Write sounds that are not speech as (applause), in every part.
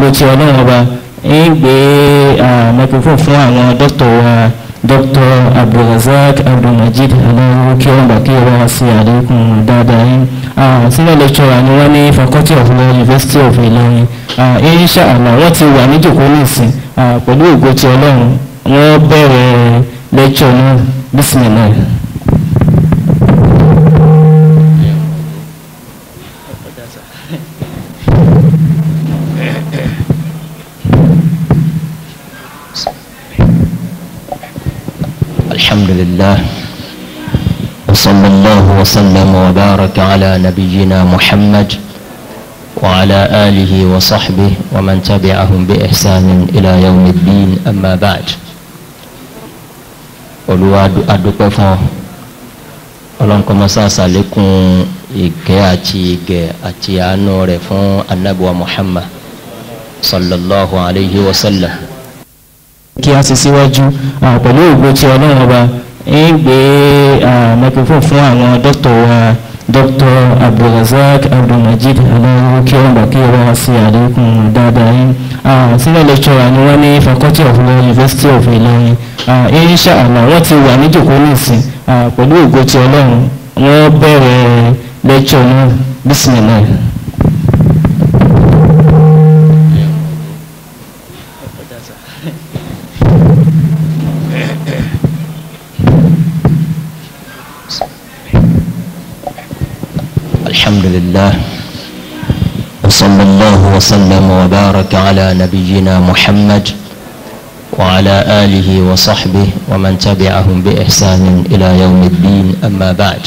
ògo ti ọlọ́run ọba ń gbé microphone fún àwọn dókítà wa dókítà abdulrasaq abdulmajid aláwo kí wọn bá kí wọn wá sí àlékún dáadáa yín sílẹ̀ lecturer ni wọ́n ní faculty of law university of Ìlọrin insha Allah wọ́n ti wà níjòkó nísìn pẹ̀lú ògo ti ọlọ́run wọ́n bẹ̀rẹ̀ lecture náà bísí náà. لله وصلى الله وسلم وبارك على نبينا محمد وعلى آله وصحبه ومن تبعهم بإحسان إلى يوم الدين أما بعد Olúwa adúpẹ́ fún ọlọ́nkọ́ mọ́sáàsá lékún ìgẹ́ àti ìgẹ́ àti àánú rẹ̀ fún anábùwà Muhammad sallallahu alayhi wa sallam. kí a sì síwájú pẹ̀lú ògbó tí ọlọ́run ọba ń gbé microphone fún àwọn dókítà wa dr abdulrasaq abdulmajid ala kí wọn bá kí wọn ṣe àlékún dáadáa yín sílẹ̀ lecturer ni wọ́n ní faculty of law university of Ìlọrin insha Allah wọ́n ti wà níjòkó nìsín pẹ̀lú ògo ti ọlọ́run wọ́n bẹ̀rẹ̀ lecture náà bísí لله وصلى الله وسلم وبارك على نبينا محمد وعلى آله وصحبه ومن تبعهم بإحسان إلى يوم الدين أما بعد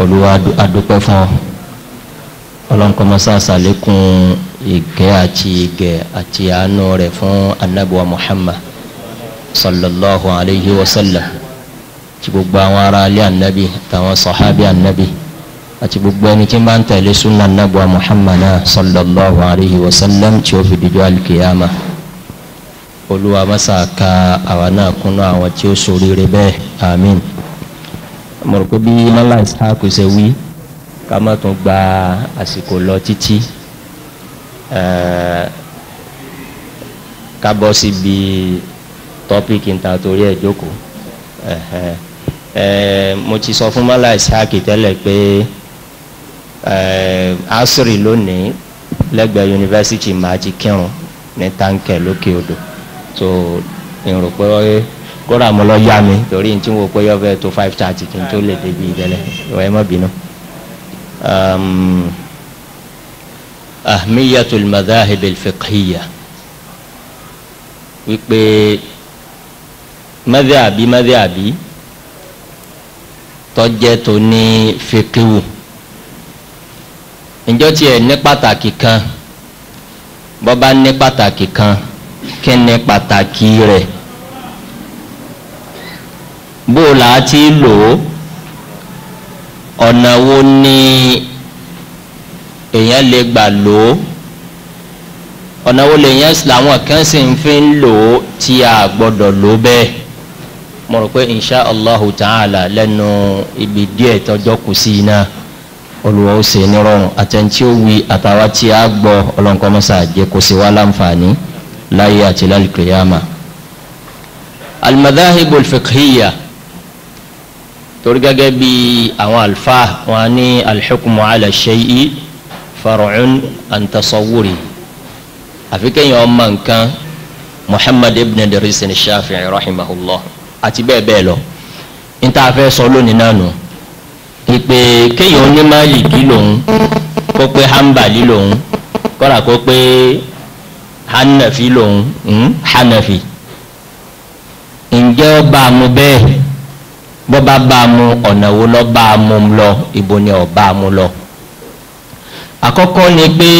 Olúwa adúpẹ́ fún ọlọ́nkọ́ mọ́sáàsá lékún ìgẹ́ àti ìgẹ́ àti àánú rẹ̀ fún anábùwà Muhammad sallallahu alayhi wa sallam tí gbogbo àwọn ará ilé àtàwọn sọ̀hábì ànábì àti gbogbo ẹni tí ń bá ń tẹ̀lé sunna nabwa muhammad sallallahu alayhi wa sallam tí ó fi dijọ́ alikiyama olúwa masa ka àwa náà kúnú àwọn tí ó ṣoríire bẹ́ẹ̀ amin mo rò pé bí mọ́lá ìsáàkù ṣe wí ká má tún gba àsìkò lọ títí ká bọ́ síbi tọ́píkì níta torí ẹ̀ jókòó mo ti sọ fún mọ́lá ìsáàkì tẹ́lẹ̀ pé. uh, Eh, asiri lónìí lẹ́gbẹ̀ẹ́ yunifásitì máa ti kírun ní táǹkẹ̀ lókè odò tó ìrò pé kóra mo lọ yá mi torí tí mo pé yọ tó five thirty kí n tó lè débi ìdẹ́lẹ̀ ìwà ẹ̀ mọ́ bínú. Um, ahmiyatul madahib al-fiqhiyya wípé madhabi madhabi tọ́jẹ́ tó ní fikihu. ǹjọ́ tiẹ̀ ní pàtàkì kan bọba ní pàtàkì kan kí ni pàtàkì rẹ̀ bó la ti lò ó ọ̀nà wo ni èèyàn lè gbà lò ó ọ̀nà wo lèèyàn làwọn kan sì ń fi ń lò ó tí a gbọ́dọ̀ lò bẹ́ẹ̀ mo rò pé insha ta'ala lẹ́nu ibi díẹ̀ tọjọ́ kù sí iná. olùwọ́ ó ṣe nírọ̀rùn àtẹ̀ntí ó wí àtàwa tí a gbọ́ ọlọ́nkọ́mọ́sá jẹ́ kó ṣe wá láǹfààní láyé àti lálùkìyàmà. almadhahibu alfiqhiyya torí gẹ́gẹ́ bí àwọn alfa wọn ní alḥukmu ala shay'i far'un an tasawwuri àfi kéèyàn ọmọ nǹkan muhammad ibn idris shafi'i rahimahullah àti bẹ́ẹ̀ bẹ́ẹ̀ lọ n ta fẹ́ sọ lónìí náà nù. No ìpè kéèyàn onímọ̀lìkì lòun kó pé hanbali lòun kọ́ra kó pé hanafi lòun hmm, hanafi ǹjẹ́ ó bá a mu bẹ́ẹ̀ bó bá bá a mu ọ̀nà wo lọ́ bá a mu lọ ibo ni ọ̀ bá a mu lọ. àkọ́kọ́ ni pé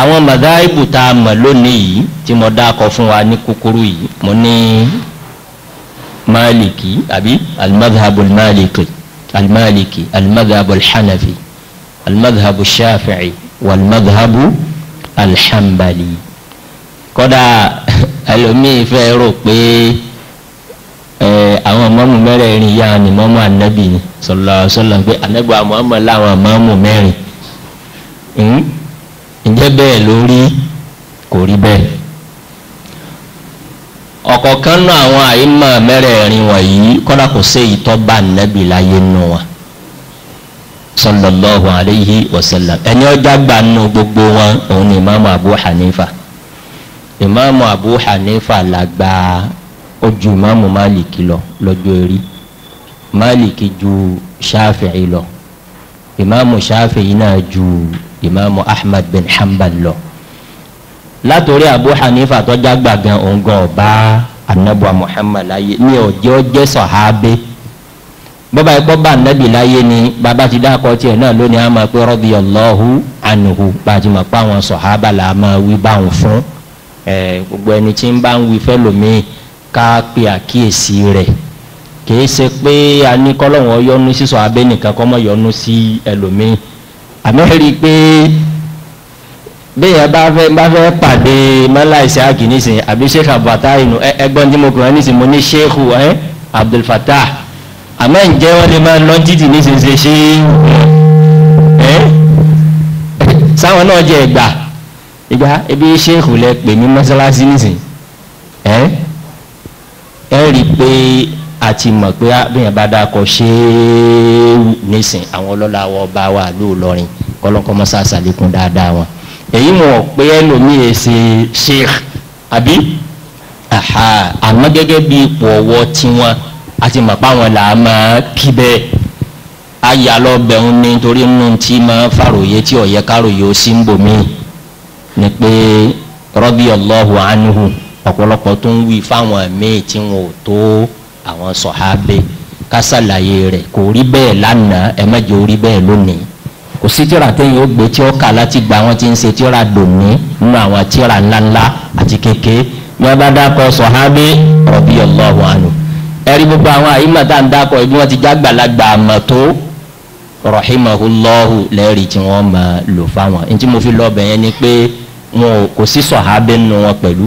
àwọn màdáìbù tá a mọ̀ lónìí yìí tí mo dákọ̀ fún wa ní kúkúrú yìí mo ní máàlìkì àbí alimadhabu máàlìkì. Al المالكي، المذهب الحنفي، المذهب الشافعي، والمذهب الحنبلي. kódà ẹlòmíì fẹ́ rò pé àwọn mọ́mù mẹ́rẹ̀ẹ̀rin yá ni mọ́mù anabi ni sallallahu alaihi wasallam pé anabi àmọ́mọ́ làwọn mọ́mù mẹ́rin hmm? ǹjẹ́ bẹ́ẹ̀ lórí kò rí bẹ́ẹ̀ ọ̀kọ̀ọ̀kan náà àwọn àyímọ̀ mẹ́rẹ̀ẹ̀rin wọ̀nyí kọ́dà kò sí ìtọ́ bá nẹ́bì láyé nù wọn sallallahu alayhi wa sallam ẹni ọjà gbà nù gbogbo wọn òun ni imaamu abu hanifa imaamu abu hanifa la gba ojú imaamu maliki lọ lọ́jọ́ eré maliki ju shafi'i lọ imaamu shafi'i náà ju imaamu ahmad bin hanbal lọ látòrí abu hanifa tọ́já gbàgán òǹgàn ọba anabuwa muhammad láyé ní ọjọ́ jẹ́ sọ̀hábẹ́ bọ́bá ẹ̀kọ́ bá anabi láyé ni bàbá ti dákọ̀ tiẹ̀ náà lónìí a máa pé rọ́bì ọlọ́hu ànùhù bá a ti mọ̀ pé àwọn sọ̀hábà là á máa wí báwọn fún ẹ̀ gbogbo ẹni tí ń bá ń wí fẹ́ lòmíì ká pe àkíyèsí rẹ̀ kìí ṣe pé a yọnu sísọ abẹ́ nìkan kọ́mọ́ yọnu sí ẹlòmíì àmọ́ rí i pé bẹ́ẹ̀ bá fẹ́ bá fẹ́ pàdé mọ́lá ìsáàkì nísìn àbí sheikh abata inú ẹgbọ́n tí mo kàn án nísìn mo ní sheikh ẹ abdul fatah àmọ́ ǹjẹ́ wọ́n lè máa lọ títì nísìn ṣe ṣe ẹ sáwọn náà jẹ́ ẹgbà ìgbà ebi sheikh lẹ pè mí mọ́sálásí nísìn ẹ ẹ rí i pé a ti mọ̀ pé bẹ́ẹ̀ bá dákọ̀ sheikh nísìn àwọn ọlọ́lá wọ bá wà lóòlọ́rin kọ́lọ́kọ́ mọ́sá èyí wọn pé ẹlòmíì ṣe sheikh àbí àmọ́ gẹ́gẹ́ bí ipò ọ̀wọ́ tiwọn àti màpá wọn là á máa kí bẹ́ẹ̀ àyà lọ bẹ̀rùn ní torí nínú tí máa fàròyé tí ọ̀yẹ́ kàròyé ó sì ń bò mí ni pé radiyallahu anhu ọ̀pọ̀lọpọ̀ tó ń wí fáwọn míì tí wọn ò tó àwọn sọ̀hábẹ́ kásàlàyé rẹ̀ kò rí bẹ́ẹ̀ lánàá ẹ má jẹ́ orí bẹ́ẹ̀ lónìí. kò sí tíra téèyàn ó gbé tí ó kà láti gba àwọn tí ń ṣe tíra dòní nínú àwọn tíra ńláńlá àti kékeré ní wọn bá dákọ sọhábí rọbí ọlọ́run àná ẹrí gbogbo àwọn àyímọ̀ tá à ń dákọ ẹbí wọn ti já gbàlagbà àmọ̀ tó rọhímọhúlọ́hù lẹ́rìí tí wọ́n máa lò fáwọn ẹni tí mo fi lọ́ọ̀bẹ̀ yẹn ni pé wọn kò sí sọhábí nínú wọn pẹ̀lú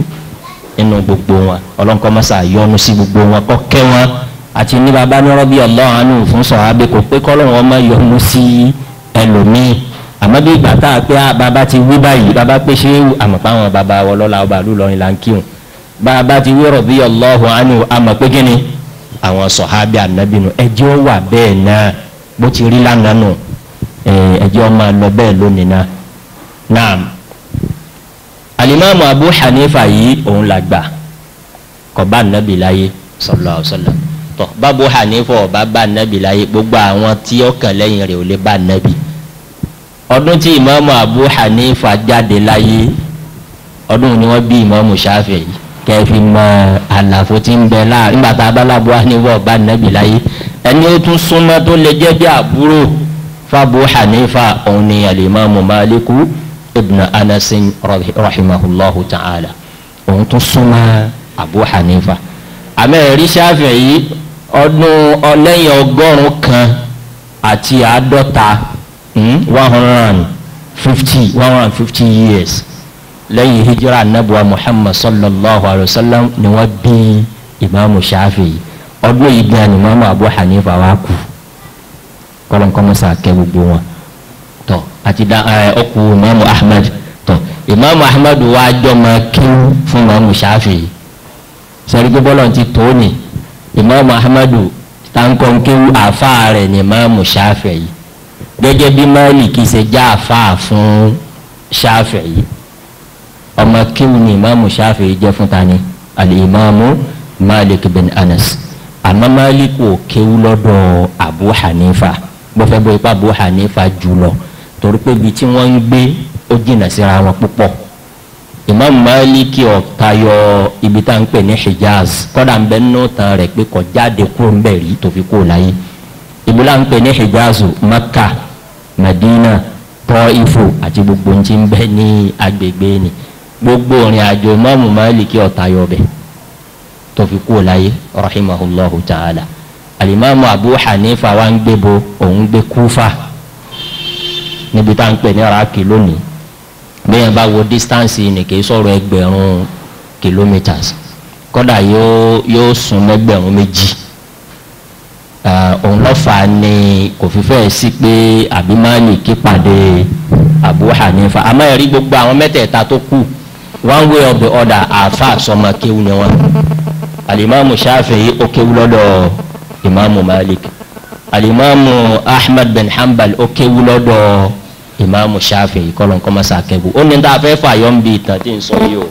nínú gbogbo wọn ọlọ́nkọ́mọ́sá yọ́nú sí gbogbo wọn kọ́ kẹ́ wọn àti ní baba ní ọlọ́run àná fún sọhábí kò pé kọ́ ẹlòmíì àmọ́ bí ìgbà tá a pé a ah, bàbá ti wí báyìí bàbá pé ṣé àmọ́ pé àwọn bàbá wọn lọ́la ọba àlú lọ́rin là ń kírun bàbá ti wí radiyallahu anhu àmọ́ pé kíni àwọn sọ̀hábì ànábìnú ẹjẹ́ ó wà bẹ́ẹ̀ náà bó ti rí lánàá nù ẹjẹ́ ó máa lọ bẹ́ẹ̀ lónìí náà naam alimami abu hanifa yìí òun la gbà kò bá ànábì láyé sallallahu alaihi wasallam tọ́ abu hanifa ọ̀ bá bá ànábì láyé gbogbo àwọn tí ó kàn lẹ́yìn rẹ̀ ò lè bá ànábì ọdún tí ìmáàmù abu hanifa jáde láyé ọdún ni wọ́n bí ìmáàmù ṣáfẹ̀ yìí kẹfì mọ àlàfo tí ń bẹ láàrin nígbà tá a bá lábu hanifa ọba nàbì láyé ẹni ó tún súnmọ́ tó lè jẹ́ bí àbúrò fàbù hanifa òun ni alimami maliku ibn anasin rahimahulahu ta'ala òun tún súnmọ́ abu hanifa àmẹ́rẹ́rí ṣáfẹ̀ yìí ọdún ọlẹ́yìn ọgọ́rùn-ún kan àti àádọ́ta. Hmm? one hundred and fifty one hundred and fifty years lẹ́yìn hijira anabuwa muhammad sallallahu alayhi wa sallam ni wọ́n bí imaamu shafi ọdún yìí gan imaamu abu hanifa wa kú kọ́lọ́n kọ́ mọ́sá kẹ́ gbogbo wọn tọ́ àti ọkù imaamu ahmed tọ́ imaamu ahmed wa jọ máa kíw fún imaamu shafi sẹ́rí gbogbo ti tó ni imaamu ahmed tankọ́ kíw àfa ni imaamu shafi yìí gẹ́gẹ́ bí Málíkì ṣe já àfáà fún Ṣáfi'í ọmọ kíwù ni ìmáàmù Ṣáfi'í jẹ́ fún tani al Malik bin Anas àmọ́ Málíkì ò kéwù lọ́dọ̀ Abu Hanifa gbọ́fẹ́ bó ipá Abu Hanifa jù lọ torí pé ibi tí wọ́n ń gbé ó jìnnà síra wọn púpọ̀ ìmáàmù Málíkì ò tayọ ibi tá à ń pè ní Hijaz kọ́dà ń bẹ nínú tán rẹ̀ pé kò kúrò ń bẹ̀ rí tó fi kúrò láyé ìbúlá ń pè ní Hijazu Makkah madina tọ́ìfù àti gbogbo ohun tí ń bẹ ní agbègbè ni gbogbo òrìn àjò mọ́mù máàlìkì ọ̀tá yọbẹ̀ tó fi kú láyé rahimahullahu ta'ala alimami abu hanifa wa ń gbébo òun gbé kúfà níbi tá à ń pè ní raki lónìí bẹ́ẹ̀ bá wo distance ni kì í sọ̀rọ̀ ẹgbẹ̀rún kilometers kódà yóò yóò sún lẹ́gbẹ̀rún méjì òun lọ́fà ni kò fi fẹ́ sí pé àbí Málíkì pàdé Abu Hanifa àmọ́ ẹ̀rí gbogbo àwọn mẹ́tẹ̀ẹ̀ta tó kù one way or the other àáfà sọmọ kéwù ni wọn alimami Shafi'i ó kéwù lọ́dọ̀ imaamu Malik alimami Ahmed bin Hanbal ó kéwù lọ́dọ̀ imaamu Shafi'i kọ́lọ́n kọ́mọ́sá kẹ́bù ó ní ní ta fẹ́ fà yọ̀ ń bi ìtàn tí ń sọ yìí o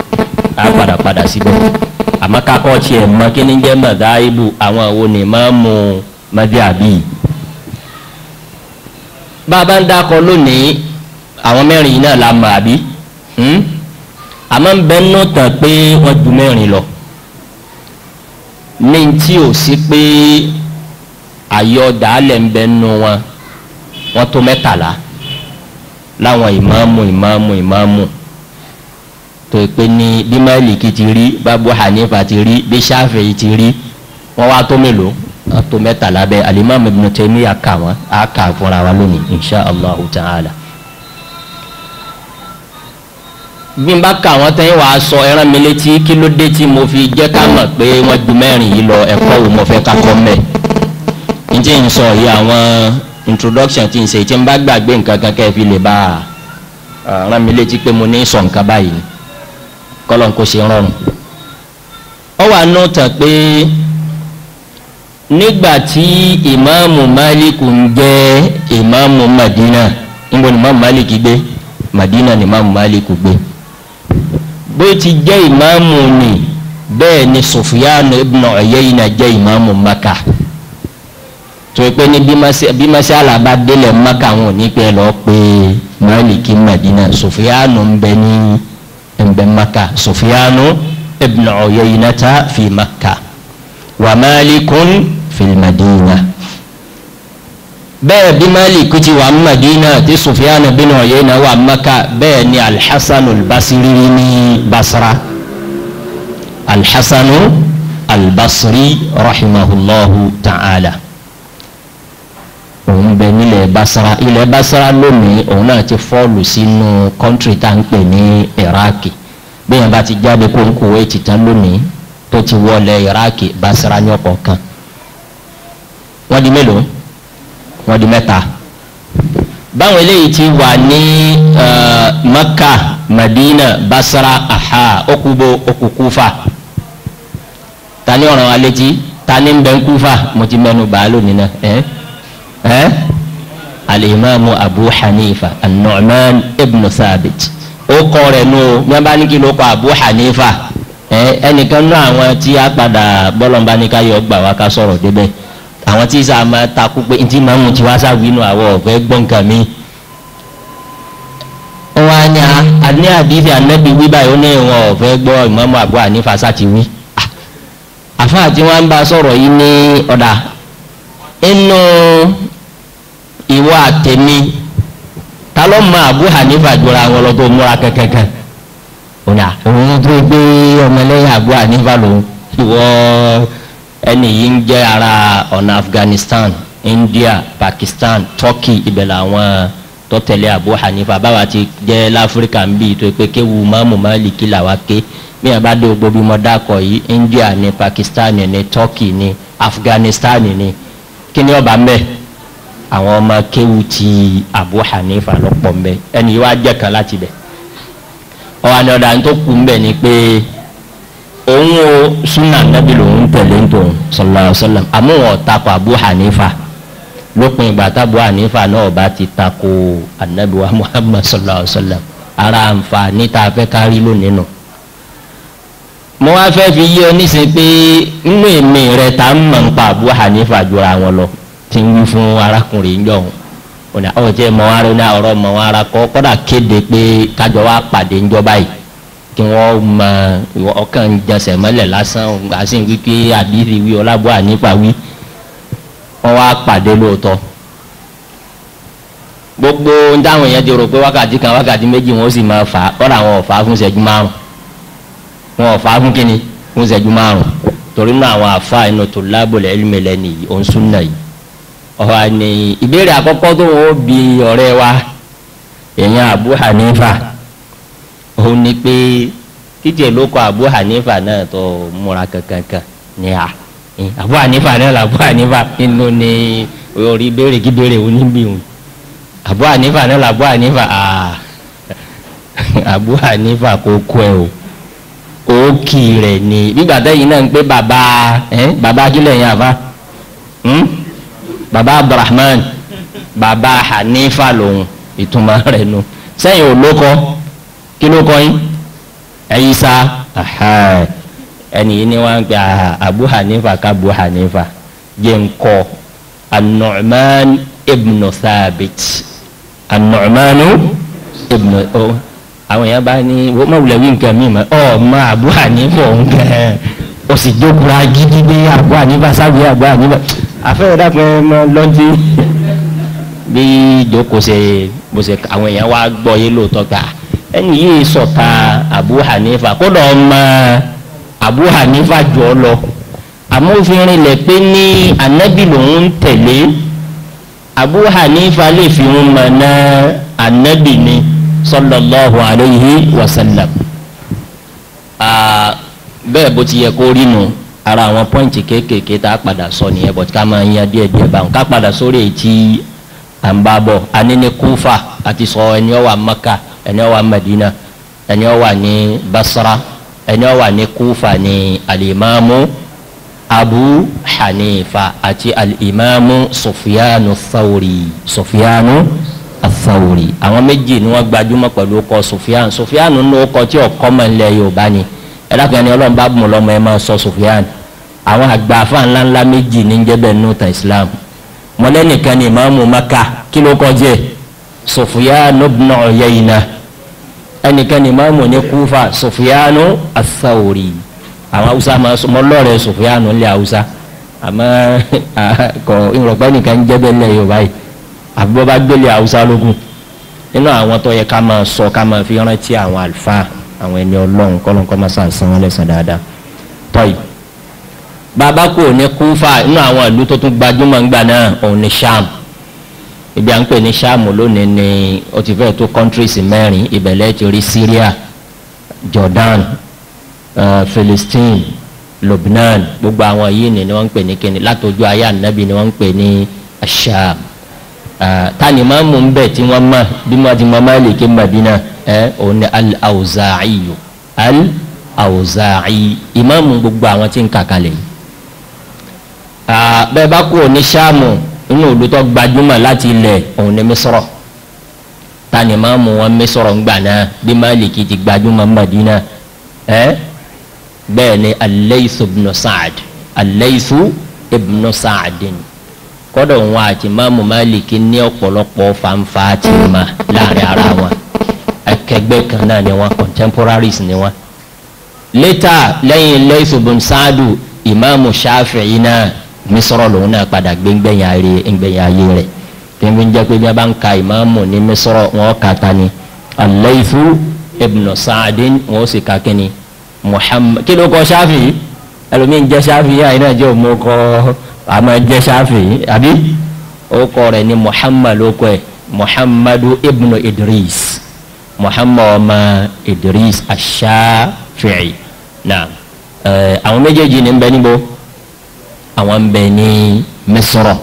á padà padà síbẹ̀ àmọ́ kakọ́ tiẹ̀ mọ́ kí ni jẹ́ mọ̀ dáìbù àwọn wo ni mú un mọ́bí àbí. bàbá ń dákọ lónìí àwọn mẹ́rin yìí náà la mọ̀ àbí hmm? àmọ́ ń bẹ nù tán pé wọ́n ju mẹ́rin lọ ní tí ò sí pé àyọ̀dà alẹ̀ ń bẹ nù wọn wọ́n tó mẹ́tàlá láwọn ìmáàmù ìmáàmù ìmáàmù tó pé ní bí Málíkì ti rí bábú Hanifa ti rí bí Ṣáfi'í ti rí wọ́n wá tó mélòó ato mẹ́tàlá bẹ́ẹ̀ alimami ibn taymiya kà wọ́n á kà fúnra wa lónìí insha allah ta'ala. bí n bá kà wọ́n tẹ́yìn wàá sọ ẹran mi létí kí ló dé tí mo fi jẹ́ ká mọ̀ pé wọ́n ju mẹ́rin yìí lọ ẹ̀kọ́ wo mo fẹ́ ká kọ́ mẹ́. n tí n sọ yìí àwọn introduction tí n ṣe tí n bá gbàgbé nǹkan kan kẹ́ fi lè bá ẹran mi létí pé mo ní sọ nǹkan báyìí kọ́lọ́n kó ṣe rọrùn. ọ wà nù tàn pé nígbàtí ìmáàmù máàlìkù ń jẹ́ ìmáàmù madina níbo ni ìmáàmù máàlìkù gbé madina ni ìmáàmù máàlìkù gbé bó ti jẹ́ ìmáàmù ni bẹ́ẹ̀ ni sufiyanu ibn uyayna jẹ́ ìmáàmù maka tó o pé ní bí masala bá délẹ̀ maka wọn ò ní lọ pé máàlìkù madina sufiyanu ń bẹ ní maka sufiyanu ibn uyayna ta fi maka wa malikun fil madina bẹ́ẹ̀ bí málìkú ti wà madina tí sufiyanu bin uyayna wà maka bẹ́ẹ̀ ni alhassanu albasiri ní basra alhassanu albasiri rahimahullahu ta'ala òun bẹ nílẹ̀ basra ilẹ̀ basra lónìí òun náà ti fọ́ọ̀lù sínú kọ́ńtírì tá à ń pè ní iraki bí yẹn bá ti jáde kó ń kó wẹ́ẹ̀tì tán lónìí tó ti wọlé iraki basira ní ọkọ̀ kan wọ́n di mélòó wọ́n di mẹ́ta báwọn eléyìí ti wà ní maka madina basra aha okubo okukufa tani ọ̀ràn wa tani ń bẹ ń kufa mo ti mẹ́nu bàá lónìí náà ẹ́ ẹ́ alimami abu hanifa an-nu'man ibn sabit ó kọ́ rẹ̀ nù ó yẹn bá ní kí ló kọ́ abu hanifa ẹnìkan náà àwọn tí a padà bọ́lọ̀mbá ní ká yọ gbà wá ká sọ̀rọ̀ débẹ̀ àwọn tí sáà máa takú pé ntí máa mú tiwa sáwìí nù àwọn ọ̀fẹ́ gbọ̀ǹkà mi. ó wá ní àní àdìsí ànẹ́bí wí báyìí ó ní ìwọ̀n ọ̀fẹ́ gbọ́ ìmọ̀mọ́ àbúrò ànífàsá ti wí. àfáà tí wọ́n ń bá sọ̀rọ̀ yìí ní ọ̀dà inú ìwọ àtẹ̀mí ta mọ àbúrò ànífàjọra wọn lọ tó múra kẹ̀kẹ̀kẹ̀ ọ̀nà òun tó gbé ọmọlẹ́yìn Abu Hanifa lòun ìwọ ẹni yìí ń jẹ́ ara ọ̀nà Afghanistan India Pakistan Turkey ibẹ̀ làwọn tó tẹ̀lé Abu Hanifa báwa ti jẹ́ láfíríkà ń bí tó pé kéwu mọ́mú Málìkì làwa ké bí wọn bá dé gbogbo bí mo dákọ̀ yìí India ni Pakistan ni Turkey ni Afghanistan ni kí ni ọba mbẹ àwọn ọmọ kéwu ti Abu Hanifa lọ́pọ̀ mbẹ ẹni yìí wá jẹ́ kan láti bẹ̀ ọwọ́ àni ọ̀dà tó kù ń bẹ̀ ni pé òun o sunna nabi lòun tẹ̀lé ń tòun sallallahu alaihi wasallam àmọ́ wọn takò Abu Hanifa lópin ìgbà tábù Hanifa náà bá ti takò anabi wa Muhammad sallallahu alaihi wasallam ara àǹfààní tá a fẹ́ kárí lónìí nù. mo wá fẹ́ fi yí ọ nísìnyí pé nínú èmi rẹ̀ tá a mọ̀ nípa Abu Hanifa jura wọn lọ ti ń wí fún arákùnrin yọ̀hún ọ̀nà ọ̀jẹ̀ mọ̀wárí náà ọ̀rọ̀ mọ̀wárí kọ́ kọ́dà kéde pé kájọ wa pàdé ńjọba yìí kí wọ́n mọ ọkàn jẹsẹ̀ mọ́lẹ̀ lásán àti wípé àbífi wí ọlábọ̀ ànípa wí wọ́n wá pàdé lóòótọ́ gbogbo ń dáhùn yẹn ti rò pé wákàtí kan wákàtí méjì wọn ó sì máa fà á kọ́dà wọn ò fà á fún ìṣẹ́jú márùn wọn ò fà á fún kínní fún ìṣẹ́jú márùn torí náà àwọn àfa inú tó lábòlẹ̀ ẹlùmẹ̀lẹ̀ nìyí òun sún yìí ọ̀wà ní ìbéèrè àkọ́kọ́ tó wọ́n bi ọ̀rẹ́ wa èèyàn Abu Hanifa òun ni pé kíjẹ ló kọ Abu Hanifa náà tó múra kankankan ní a Abu Hanifa náà là Abu Hanifa nínú ní orí béèrè kí béèrè òun òun Abu Hanifa náà Abu Hanifa aa Abu Hanifa kò ẹ o òkì baba abdulrahman baba hanifa lòun ìtumọ̀ rẹ̀ nu sẹ́yìn olókọ́ kí ló kọ́ yín ẹ̀yíṣà ẹni ni wọ́n ń pè abu hanifa kabu hanifa jẹ́ ń kọ́ thabit anu'man ibn àwọn èèyàn bá ní wọ́n wulẹ̀ wí nǹkan mi mọ́ ọ ma abu hanifa òun kẹ́ o sì jókòó agídí dé abu hanifa sábẹ́ abu hanifa afẹ́rẹ́ dàpọ̀ ẹ mọ lọ́njì bí ìjókòó ṣe bó ṣe àwọn èèyàn wá gbọ́ yé lóòótọ́ gbà ah, ẹni yìí Abu Hanifa kódà ọmọ Abu Hanifa jù ọ lọ amófinrin lẹ pé anabi lòun ń Abu Hanifa lè fi ń mọ̀ náà anabi ni sallallahu alayhi wa sallam ah, bẹ́ẹ̀ bó ti yẹ kó nu. No ara àwọn pọ́ǹtì kéékèèké tá a padà sọ nìyẹn bọ̀ ká máa yan díẹ̀ díẹ̀ báwọn ká padà sórí ètí à ń àti sọ ẹni ó maka ẹni ó madina ẹni ó ní basra ẹni ó wà ní kúfà ní alimami abu hanifa àti alimami Sofianu thawri Sofianu athawri àwọn méjì ni wọ́n gbajúmọ̀ pẹ̀lú ọkọ̀ sofiyanu sofiyanu ní ọkọ̀ tí ọkọ̀ mọ̀ ń lẹ yorùbá ni ẹ̀dá kan ní ọlọ́run bá bùn lọ́mọ ẹ máa sọ sofiyanu àwọn àgbà afa ńláńlá méjì ní jẹ́bẹ̀ nùtà islam mọ́lẹ́nìkan ni imaamu maka kí ló kọjá sofiyanu ibn Uyayna ẹnìkan ni imaamu ní kúfà sofiyanu asawori àwọn hausa máa sọ mọ́lọ́rẹ̀ sofiyanu ńlẹ̀ hausa àmọ́ (laughs) kò ìrọ̀pẹ́ nìkan jẹ́bẹ̀ ńlẹ̀ yorùbá yìí àbúrò bá gbélé hausa lógún nínú àwọn tó yẹ ká máa sọ ká máa fi rántí àwọn àlùfáà àwọn ẹni ọlọ́run kọ́lọ́n kọ́ máa sàn sàn wọn lẹ́sàn dáadáa tọ́yì bàbá kò ní kúfà inú àwọn ìlú tó tún gbajúmọ̀ ńgbà náà òun ni sham ibi à ń pè ní sham lónìí ni ó ti fẹ́ tó countries mẹ́rin ìbẹ̀lẹ̀ ti rí syria jordan uh, philistine lubnan gbogbo àwọn yìí ni wọ́n ń pè ní kíni látọjú ayé ànábì ni wọ́n ń pè ní sham eh, tani máa mú un bẹ́ẹ̀ tí wọ́n mọ̀ bí wọ́n ti mọ Málíkì Madina ẹ̀ eh, òun ni al-Awza'i al-Awza'i ìmáàmù gbogbo àwọn tí ń kàkalẹ̀ yìí bẹ́ẹ̀ bá kú òní sáàmù inú olùtọ́ gbajúmọ̀ láti ilẹ̀ òun ni mísọ̀rọ̀ ta ni máa mú wọn mísọ̀rọ̀ ńgbà náà bí máàlìkì ti gbajúmọ̀ Madina ẹ́ bẹ́ẹ̀ ni aleisu ibn saad aleisu ibn saadin kọ́dọ̀ wọn àti máàmù máàlìkì ní ọ̀pọ̀lọpọ̀ fanfa ti ma láàrin ara wọn akẹgbẹ́ kan náà ni wọn contemporaries ni wọn. lẹ́tà lẹ́yìn aleisu ibn saadu ìmáàmù Shafi'i náà misọrọ lòun náà padà gbẹngbẹyìn ayé gbẹngbẹyìn ayé rẹ tẹmí ń jẹ pé bí a bá ń ka ìmáàmù ní misọrọ wọn kà ta ni alayfu ibnu saadin wọn sì ka kínní muhammad kí ló kọ ṣáfì ẹlòmíín jẹ ṣáfì àyìn náà jẹ òun kọ àmọ jẹ ṣáfì àbí ó kọ rẹ ní muhammad ó kọ ẹ muhammadu ibnu idris muhammad ọmọ idris aṣáfìí náà àwọn méjèèjì ní bẹ níbo àwọn ń bẹ ní Misrọ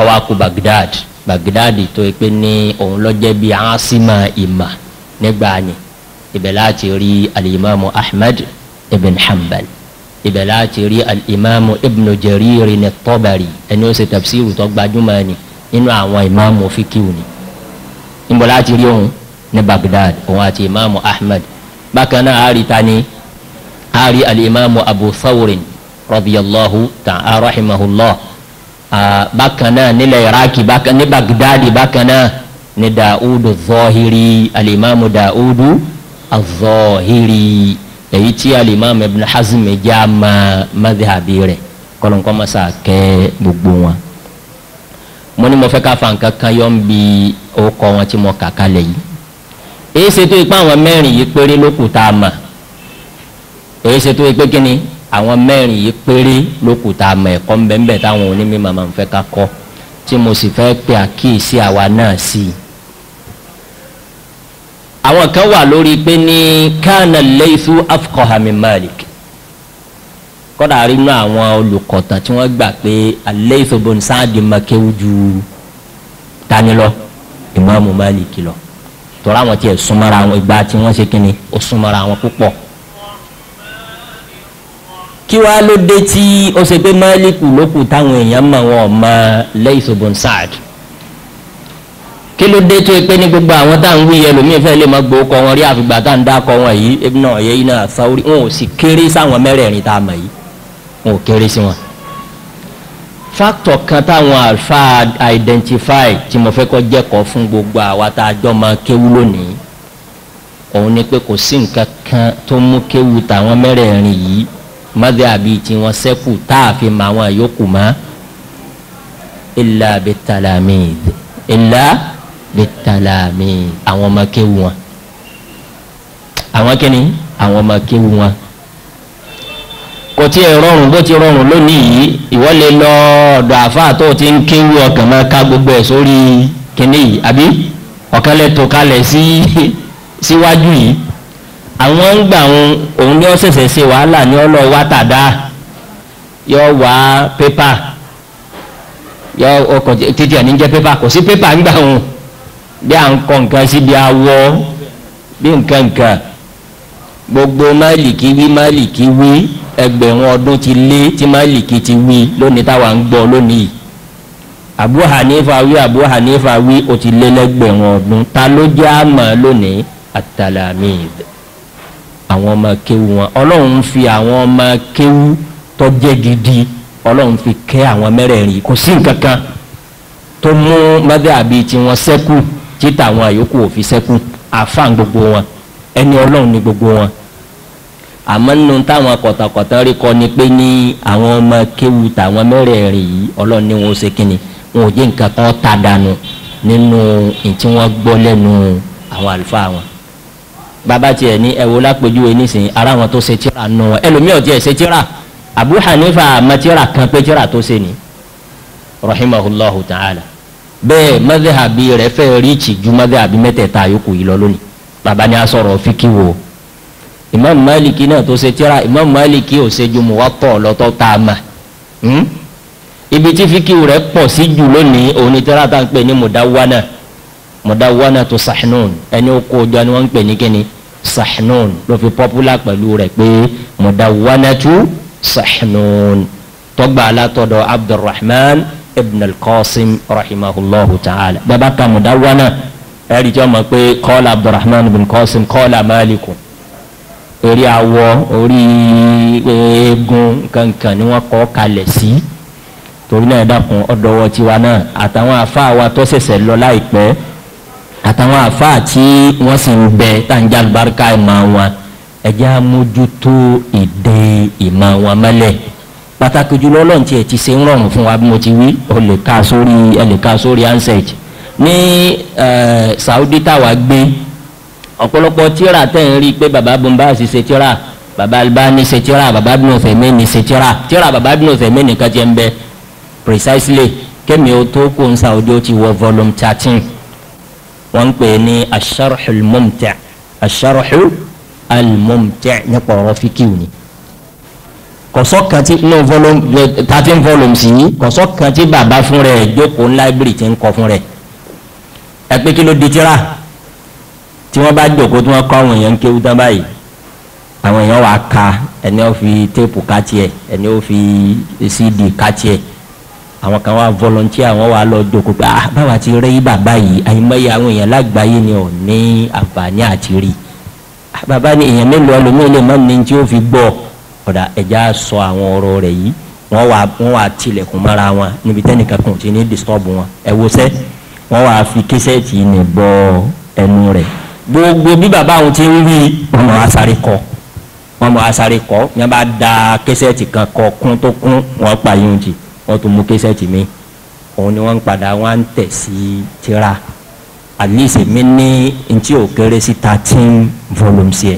ọwọ́ akú Baghdad Baghdad tó yẹ pé ní òun lọ́jẹ́ bí asima ìmà nígbà yẹn ibẹ̀ láti rí alimami Ahmad ibn Hanbal ibẹ̀ láti rí alimami ibn Jarir ní Tabari ẹni ó ṣe tafsiru tó gbajúmọ̀ ni nínú àwọn ìmáàmù fíkìwù ni níbo láti rí òun ní Baghdad òun àti ìmáàmù Ahmad bákan náà àárí ta ni àárí alimami Abu Thawrin radiyallahu ta'ala rahimahullah bákan náà nílẹ̀ iraki bákan ní baghdadi bákan náà ní dawudu zọhiri alimami dawudu azọhiri èyí tí alimami ibn hazm já ma madhabi rẹ̀ kọlọńkọ masa kẹ gbogbo wọn. mo ní mo fẹ́ ká fa nǹkan kan yọ ń bi ọkọ wọn tí mo kà kalẹ̀ yìí èyí ṣètò ipá àwọn mẹ́rin yìí péré lókùtà mà èyí ṣètò ipé kínní àwọn mẹ́rin yìí péré lókùtà àmọ́ ẹ̀kọ́ ńbẹ́ńbẹ́ táwọn onímọ̀ máa ń fẹ́ ká kọ́ tí mo sì fẹ́ pe àkíyèsí àwa náà sí i. àwọn kan wà lórí pé ní kánà laythu afqaha Malik kọ́dà rínú àwọn olùkọ̀tàn tí wọ́n gbà pé al-Layth ibn Sa'd ju tani lọ ìmáàmù Malik lọ tọ́ra àwọn tiẹ̀ súnmọ́ra àwọn ìgbà tí wọ́n ṣe kínni ó súnmọ́ra àwọn púpọ̀ kí wàá ló dé tí ó ṣe pé máàlìkù ló kù táwọn èèyàn mọ̀ wọn mọ lẹ́yìn bin Sa'd kí ló dé tó pé ní gbogbo àwọn tá à ń wí ẹlòmíín fẹ́ lè mọ gbòókọ wọn rí àfìgbà tá à ń dákọ wọn yìí Ibn Uyayna Thawri wọn ò sì kéré sáwọn tá a mọ̀ yìí wọn ò kéré sí wọn. fún gbogbo àwa tá a jọ máa kéwú lónìí òun ni pé kò sí nǹkan kan mọ́tẹ́ àbí tí wọ́n sẹ́kù tá a fi mọ àwọn yòókù mọ́ ilà bitalami ilà bitalami àwọn ọmọ kéwù wọn àwọn kíni àwọn ọmọ kéwù wọn kò tí ì rọrùn bó ti rọrùn lónìí yìí ìwọ lè lọ ọ̀dọ̀ àfa tó ti ń kéwù ọkàn máa ká gbogbo ẹ̀ sórí kíní yìí àbí ọ̀kan lè tó kalẹ̀ sí síwájú yìí àwọn ń gbà wọn òun ni ó ṣẹ̀ṣẹ̀ ṣe wàhálà ni ó lọ wá tàdá yọ wá pépà yọ ọkọ̀ títí ẹ̀ ní jẹ́ pépà kò sí pépà ń gbà wọn bí à ń kọ nǹkan síbi awọ bí nǹkan nǹkan gbogbo máìlìkì wí máìlìkì wí ẹgbẹ̀rún ọdún ti lé tí máìlìkì ti wí lónìí táwa ń gbọ́ lónìí abu hanifa wí abu hanifa wí ó ti lé lẹ́gbẹ̀rún ọdún ta ló jẹ́ àmọ́ lónìí at-talamid àwọn ọmọ kéwu wọn ọlọ́run fi àwọn ọmọ kéwu tó jẹ́ gidi ọlọ́run fi kẹ́ àwọn mẹ́rẹ̀ẹ̀rin kò sí nǹkan kan tó mú mọ́dàbí tiwọn sẹ́kù títà àwọn àyókù ò fi sẹ́kù àfa gbogbo wọn ẹni ọlọ́run ni gbogbo wọn àmọ́ nínú táwọn kọ̀tàkọ̀tà rí kọ ni pé ní àwọn ọmọ kéwu tàwọn mẹ́rẹ̀ẹ̀rin yìí ọlọ́run ni wọn ó ṣe kínni wọn ò jẹ́ nǹkan kan ta dànù nínú ìtí wọn gbọ́ lẹ́nu àwọn àlùfáà wọn bàbá tiẹ̀ ní ẹ̀wò lápèjúwe nísìnyí ara wọn tó ṣe tíra nù wọn ẹlòmíì ọ̀tí ẹ̀ ṣe Abu Hanifa matira kan pé tíra tó ṣe ni rahimahulahu ta'ala bẹ́ẹ̀ madhabi rẹ̀ fẹ́ ríìchì ju madhabi mẹ́tẹ̀ẹ̀ta yòókù yìí lọ lónìí bàbá ni a sọ̀rọ̀ fíkì wo Imam Maliki náà tó ṣe tíra Imam Maliki ò ṣe ju Muwatta lọ́tọ́ tá a ma hmm? ibi tí fíkì rẹ̀ pọ̀ sí jù lónìí òun ni tíra tá a mudawana. Mudawanatu Sahnun ẹni ó kó ojú ẹni wọ́n ń pè ní kíni Sahnun ló fi popular pẹ̀lú rẹ̀ pé Mudawanatu Sahnun tọgbà alátọ̀dọ̀ Abdulrahman ibn al-Qasim rahimahullahu ta'ala bàbá ka Mudawana ẹ̀rí tí wọ́n mọ̀ pé qala Abdulrahman ibn al-Qasim qala Malikun orí awọ orí eegun kankan ni wọ́n kọ kalẹ̀ sí torí náà dàkún ọdọwọ tiwa náà àtàwọn afáwa tó ṣẹ̀ṣẹ̀ lọ láìpẹ́ àtàwọn àfáà tí wọ́n sì ń bẹ tàǹjà àlùbáríkà ìmọ̀ wọn ẹ̀jẹ̀ amójútó ìdè ìmọ̀ wọn mẹ́lẹ̀ pàtàkì jùlọ ọlọ́run tiẹ̀ ti ṣe ń rọrùn fún wa bí mo ti wí ọ sórí ẹ sórí ansẹ̀j ní Saudi táwa gbé ọ̀pọ̀lọpọ̀ tíra tẹ̀ ń rí i pé baba bumba sì ṣe tíra baba Albani ṣe tíra baba bínú fẹ̀mí ni ṣe tíra tíra baba bínú fẹ̀mí nìkan jẹ́ ń bẹ precisely kémi o tó kó n Saudi o ti wọ volume thirteen wọ́n ń pè ní asharhul mumti' asharhul al-mumti' nípa ọ̀rọ̀ fíkìw ni kọ̀sọ́ kan tí inú volume thirteen volume sí kọ̀sọ́ kan tí bàbá fún rẹ̀ jókòó library ti ń kọ fún rẹ̀ ẹ pé kí ló di tíra tí wọ́n bá jókòó tí wọ́n kọ́ àwọn èèyàn ń kéwú tán báyìí àwọn èèyàn wàá ka ẹni ó fi téèpù ká tiẹ̀ ẹni ó fi cd ká tiẹ̀ àwọn kan wá volunteer àwọn wá lọ jókòó pé ah báwa ti rí bàbá yìí àyìnbáyé àwọn èèyàn lágbàáyé ni ò ní àǹfààní àti rí ah, bàbá ni èèyàn mélòó ẹlòmíì lè má ní tí ó fi gbọ́ ọ̀dà ẹ̀já sọ àwọn ọ̀rọ̀ rẹ̀ yìí wọ́n wá wọ́n wá tilẹ̀kùn mọ́ra wọn níbi tẹ́nìkan kan ti ní disturb wọn ẹ wo sẹ́ wọ́n wá fi késẹ́ẹ̀tì ní bọ́ ẹnu rẹ̀ gbogbo bí bàbá àwọn ti ń rí ọmọ asáré kọ́ ọmọ asáré kọ́ yẹn bá da késẹ́ẹ̀tì kan kọ́ kún tó kún wọ́n pa yín jì wọ́n tún mú késẹ́ẹ̀tì mi òun ni wọ́n ń padà wọ́n á ń tẹ̀ sí tírà at least mi ní ntí ò kéré sí thirteen volumes yẹ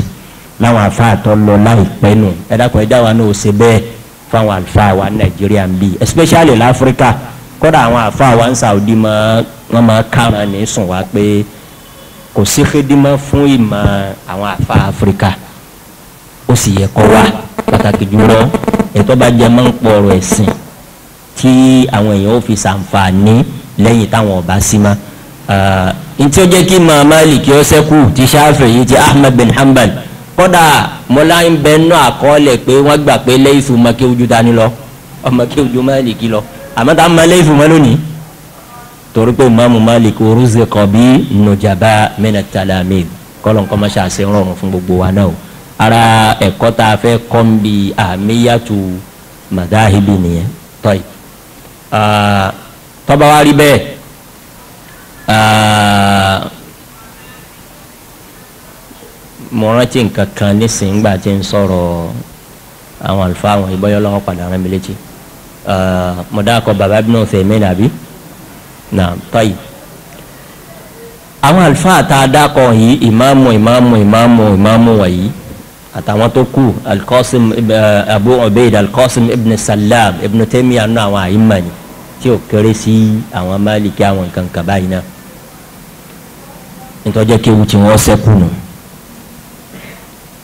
láwọn àlùfáà tó lọ láìpẹ́ nù ẹ dákun ẹ dáwọn náà ó ṣe bẹ́ẹ̀ fáwọn àlùfáà wa nàìjíríà ń especially láfíríkà kódà àwọn àlùfáà wa ń Saudi mọ́ wọ́n máa kárán ní sùn wá pé kò sí xédìmọ́ fún ìmọ̀ àwọn àlùfáà áfíríkà ó sì yẹ kó wá pàtàkì jùlọ ètò bá jẹ mọ́ ń pọ̀ tí àwọn èèyàn ó fi ṣàǹfààní lẹ́yìn táwọn ọba sí ma ntí ó jẹ́ kí Imam Malik ó ṣẹ́kù ti Shafi'i ti Ahmad bin Hanbal kódà mọ́lá ń bẹ nú àkọọ́lẹ̀ pé wọ́n gbà pé lẹ́yìn fún ọmọkẹ́ ojú dání lọ ọmọkẹ́ ojú Malik lọ àmọ́ tá a máa lẹ́yìn fún ọmọ torí pé Imam Malik ruziqa bi nujaba min at-talamid kọ́lọ́nkọ́ máa ṣàṣẹ rọrùn fún gbogbo wa náà ara ẹ̀kọ́ tá a fẹ́ kọ́ ń bi àmìyàtú madahibi nìyẹn tọ́yì. Ah, tọ́ba wa rí bẹ́ẹ̀ ah, mo rántí nǹkan kan nísìnyí gbà tí ń sọ̀rọ̀ àwọn àlùfáà àwọn ìbọ́yọ́ lọ́wọ́ padà rán mi létí ah, mo dákọ̀ bàbá bí náà fẹ̀mí nàbí nà tọ́yì àwọn àlùfáà tá a dákọ̀ yìí ìmáàmù ìmáàmù ìmáàmù ìmáàmù wọ̀nyí àtàwọn tó kù alqasim eh, abu ubaid alqasim ibn salam ibn taymiya nù àwọn àyìnbá ni tí ò kéré sí àwọn máàlìkì àwọn nǹkan kan báyìí náà nítorí kéwu tí wọ́n sẹ́kù nù.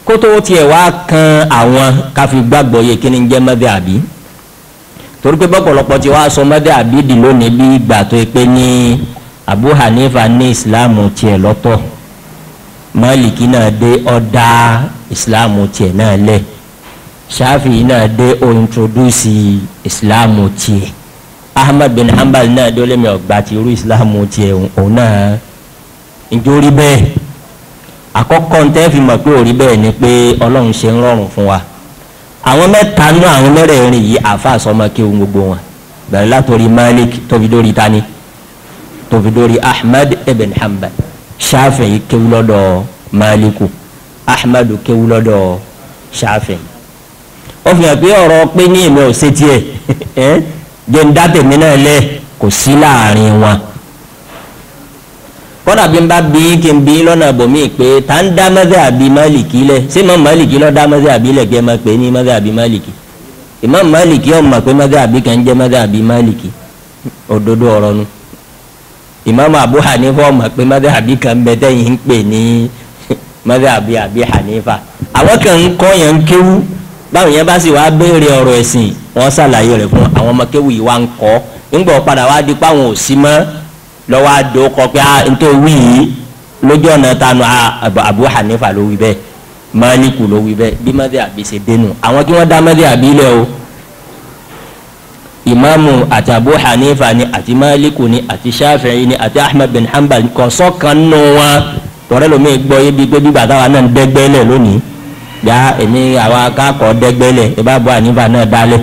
kótó tiẹ̀ wá kan àwọn káfí gbàgbọ́ yẹ kí ni jẹ́ mọ́bẹ́ àbí torí pé bọ́pọ̀lọpọ̀ tí wàá sọ mọ́bẹ́ àbí dì lónìí bí ìgbà tó yẹ pé ní abu hanifa ní islam tiẹ̀ lọ́tọ̀ máàlìkì náà dé ọ̀dà ìsìláàmù tiẹ̀ náà lẹ̀ ṣáfì náà dé o introduce ìsìláàmù tiẹ̀ ahmed bin hanbal náà dé olómi ọgbà ti irú ìsìláàmù tiẹ̀ òun náà nítorí bẹ́ẹ̀ àkọ́kọ́ ntẹ́ fi mọ̀ pé òrí bẹ́ẹ̀ ni pé ọlọ́run ṣe ń rọrùn wa àwọn mẹ́ta nú àwọn mẹ́rẹ̀ẹ̀rin yìí àfa sọmọ kéwọn gbogbo wọn bẹ̀rẹ̀ látòrí malik tóbi dórí tani tóbi dórí ahmed ibn hanbal ṣáfì kéwọn lọ́dọ̀ maliku. ahmadu kéwú lọ́dọ̀ ṣáfẹ̀ ó fi hàn pé ọ̀rọ̀ pé ní èmi ò ṣe tiẹ̀ (laughs) jẹ́ ń dá tèmi náà lẹ̀ kò sí láàrin wọn kọ́dà bí n bá bí kí n bí lọ́nà àbòmí pé tá ń dá mọ́tẹ́ àbí ṣé mọ́ dá àbí lẹ̀ kí ẹ máa pè é ní àbí ìmọ̀ pé àbí kan jẹ́ àbí madhabi Abi Hanifa àwọn kan ń kọ́ yẹn ń kéwú báwọn yẹn bá sì wá béèrè ọ̀rọ̀ ẹ̀sìn wọ́n ṣàlàyé rẹ̀ fún àwọn ọmọ kéwú yìí wá ń kọ́ nígbà padà wá di pa àwọn òsì mọ́ lọ́wọ́ àdó kọ pé ah, wí yìí ah, Hanifa ló wí bẹ́ẹ̀ ló wí bẹ́ẹ̀ bí ṣe dénú àwọn kí wọ́n dá lẹ̀ o ìmáàmù àti Hanifa ni àti ni àti ni àti bin Hanbal tọrẹ lomi gbọ yé bi pé bí bàtà wa náà dẹgbẹlẹ lónìí ya èmi àwa kakọ dẹgbẹlẹ ìbá bọ ànífà náà dálẹ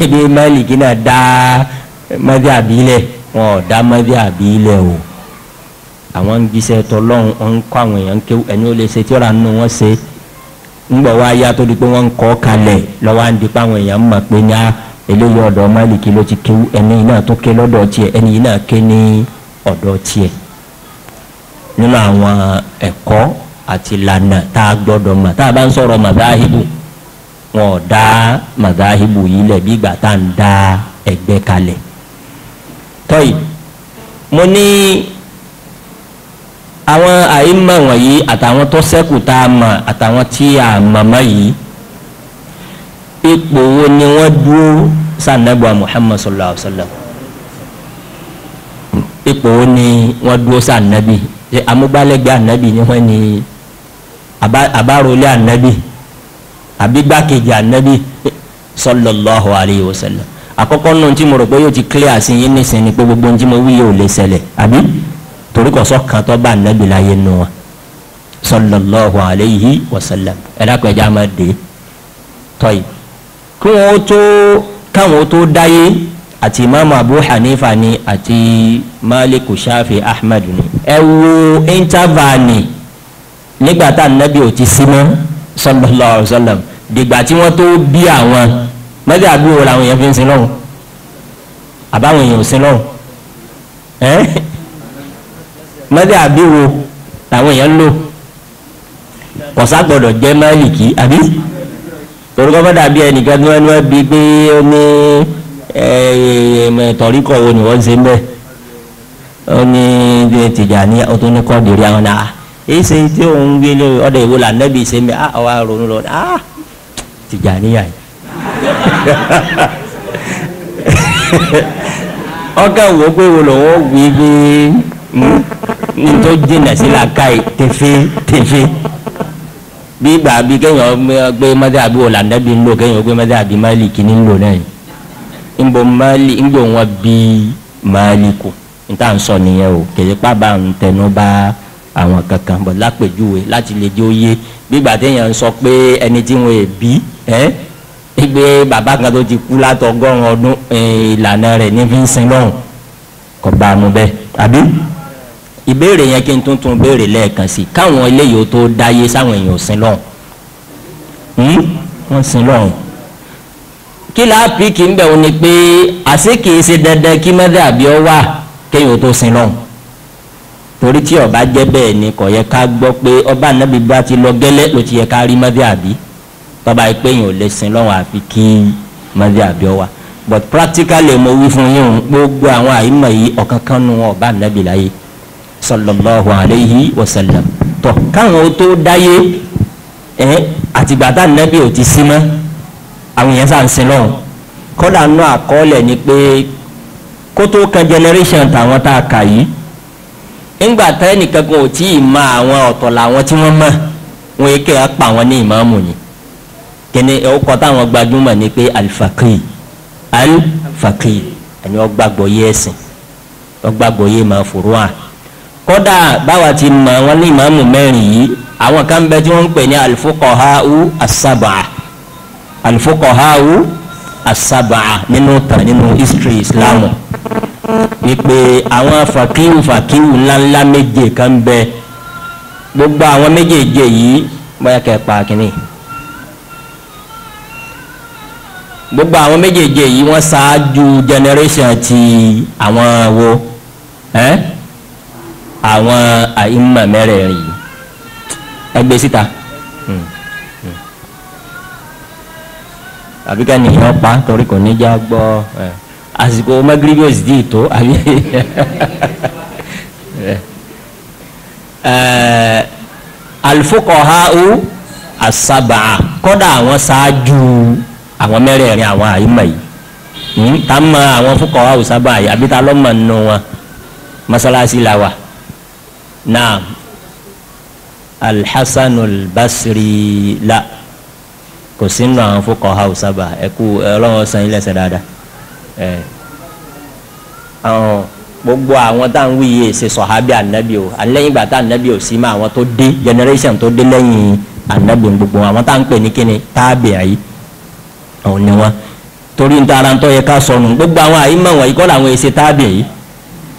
ebi mẹlìkì náà dá mẹbi (laughs) àbí lẹ wọn ò dá lẹ o àwọn ń gbisẹ tọlọ́run àwọn èèyàn kéwù ẹni ó lè ṣe tí nù wọn ṣe ya tó di pé ń kalẹ̀ lọ́wọ́ àwọn èèyàn mọ̀ pé ní ọ̀dọ̀ ló nínú àwọn ẹ̀kọ́ àti ìlànà tá a gbọ́dọ̀ mọ̀ tá a bá ń sọ̀rọ̀ màdáhìbù wọn ò dá màdáhìbù yìí lẹ̀ bí ìgbà tá à ń dá ẹgbẹ́ kalẹ̀ tọ́yì mo ní àwọn àìmọ̀ wọ̀nyí àtàwọn tó sẹ́kù tá a mọ̀ àtàwọn tí a mọ̀ mọ́ yìí ipò wo ni wọ́n dúró sànẹ́gbà Muhammad sallallahu alaihi wa sallam ipò wo ni wọ́n dúró sànẹ́bí amúgbálẹ́gbẹ́ ànábì ni wọ́n ní àbárólé ànábì àbígbákejì ànábì sallallahu alayhi wa sallam àkọ́kọ́ nù tí mo rò pé yóò ti clear sí yín nísìnyí ni pé gbogbo ohun tí mo wí yóò lè ṣẹlẹ̀ àbí torí kò sọ kan tó bá ànábì láyé nù wọn sallallahu alayhi wa sallam ẹ̀dá kan dé tọ́yì kí wọ́n tó káwọn tó dáyé àti imaamu abu hanifa ni àti maliku shafi ahmed ni. ẹ wo intervani nígbà tá anabi ò ti sí mọ́ sallallahu alayhi wa sallam dìgbà tí wọ́n tó bí àwọn mẹ́tẹ́ àbí wo làwọn èèyàn fi ń sin lọ́hùn àbáwọn èèyàn ò sin lọ́hùn ẹ́ mẹ́tẹ́ àbí làwọn èèyàn lò kọ̀sá gbọ́dọ̀ jẹ́ maliki àbí torúkọ fẹ́ dàbí ẹnìkan tí wọ́n bí pé ó tọ̀ríkọ̀ wo ni wọ́n ṣe ń bẹ̀ ó ní Tìjàní ó tún ní kọ́ọ̀dìrí àwọn náà èsì tí òun gbé lé ọ̀dọ̀ ìwò là nẹ́bí ṣe mi ah ọ̀wá ronú lọ ah Tìjàní yà yìí ọkà wo pé wo lòun ó wí bí ní tó jìnà sí làákàyè tẹfẹ tẹfẹ bí bàbí kéèyàn gbé mọ́tẹ́ àbí wò là ń lò kéèyàn gbé mọ́tẹ́ àbí Málíkì ní ń lò náà yìí nbọ maali nbọ wọn bí maaliku níta ń sọ nìyẹn o kèyí pàbà ń tẹnu bá àwọn kankan bọ̀ lápèjúwe láti lè di oyè gbígbà téèyàn ń sọ pé ẹni tí wọn èbí ẹ gbígbé bàbá kan tó ti kú látọgọ́rùn ọdún ìlànà rẹ̀ ní fi ń sin lọ́hùn kò bá a mú àbí ìbéèrè yẹn kí n tún tún béèrè lẹ́ẹ̀kan sí káwọn eléyìí tó dáyé sáwọn èèyàn sin lọ́hùn hmm? wọ́n sin lọ́hùn kí láàpì kì í bẹ̀ wọ́n ni pé àṣé kì í ṣe dandan kí mẹ́tẹ́ àbí ọ wà kéèyàn tó sin lọ́hùn torí tí ọba jẹ́ bẹ́ẹ̀ ni kò yẹ ká gbọ́ pé ọba ànábì bá ti lọ gẹ́lẹ́ ló ti yẹ ká rí mẹ́tẹ́ àbí tọ́ba yìí pé èèyàn ò lè sin lọ́hùn àfi kí mẹ́tẹ́ àbí ọ wà but practically mo wí fún yín gbogbo àwọn àyímọ̀ yìí ọ̀kan kan nu ọba ànábì láyé sallallahu alayhi wa sallam tọ́ káwọn tó dáyé ẹ̀ àtìgbà tá ò ti sí mọ́ àwọn èèyàn sá ń sin lọ́hùn kódà nù àkọọ́lẹ̀ ni pé kótó kan generation tàwọn tá a kà yìí ńgbà tẹ́ nìkan kan ò tí ì mọ àwọn ọ̀tọ̀ làwọn tí wọ́n mọ̀ wọn yìí kẹ́ ẹ pa wọn ní ìmáàmù ni kíni ọkọ táwọn gbajúmọ̀ ni pé alifakiri alifakiri ẹni ó gbàgbọ́ yé ẹ̀sìn ó yé máa fòrò à kódà báwa ti mọ àwọn ní ìmáàmù mẹ́rin yìí àwọn kan bẹ tí wọ́n ń pè ní alifokọ̀ha u asaba. As alfuqahau asabaa nínú tàn nínú history islamu wípé àwọn fàkíwù fàkíwù ńláńlá méje kan bẹ gbogbo àwọn méjèèje yìí bóyá kẹpa kínní gbogbo àwọn méjèèje yìí wọ́n ṣáájú generation ti àwọn wo ẹ́ àwọn àìmọ̀ mẹ́rẹ̀ẹ̀rin yìí ẹgbẹ́ síta. Eh? àbí ká nìyẹn pa torí kò ní já gbọ́ àsìkò magrebi ò sì tí ì tó àbí. (laughs) alifokọha o asaba kọ́dà àwọn ṣáájú àwọn mẹ́rẹ̀ẹ̀rin àwọn àyímọ̀ yìí hmm, tá mọ àwọn fokọha o sábà yìí àbí tá lọ́mọ nù wọn masalasi la wa naam alhassanul basri la kò sí nínú àwọn fúkọ ha òsábà ẹkú ọlọ́run san ilé ẹsẹ̀ dáadáa ẹ àwọn gbogbo àwọn tá à ń wí yìí ṣe sọ̀hábì ànábì o àlẹ́yìn ìgbà tá ànábì ò sí mọ́ àwọn tó dé generation tó dé lẹ́yìn ànábì gbogbo àwọn tá à ń pè ní kíni táàbì àyí òun ni wọn torí níta ara ń tọ́ yẹ ká sọnù gbogbo àwọn àyí mọ̀ wọ̀nyí kọ́ làwọn èsè táàbì yìí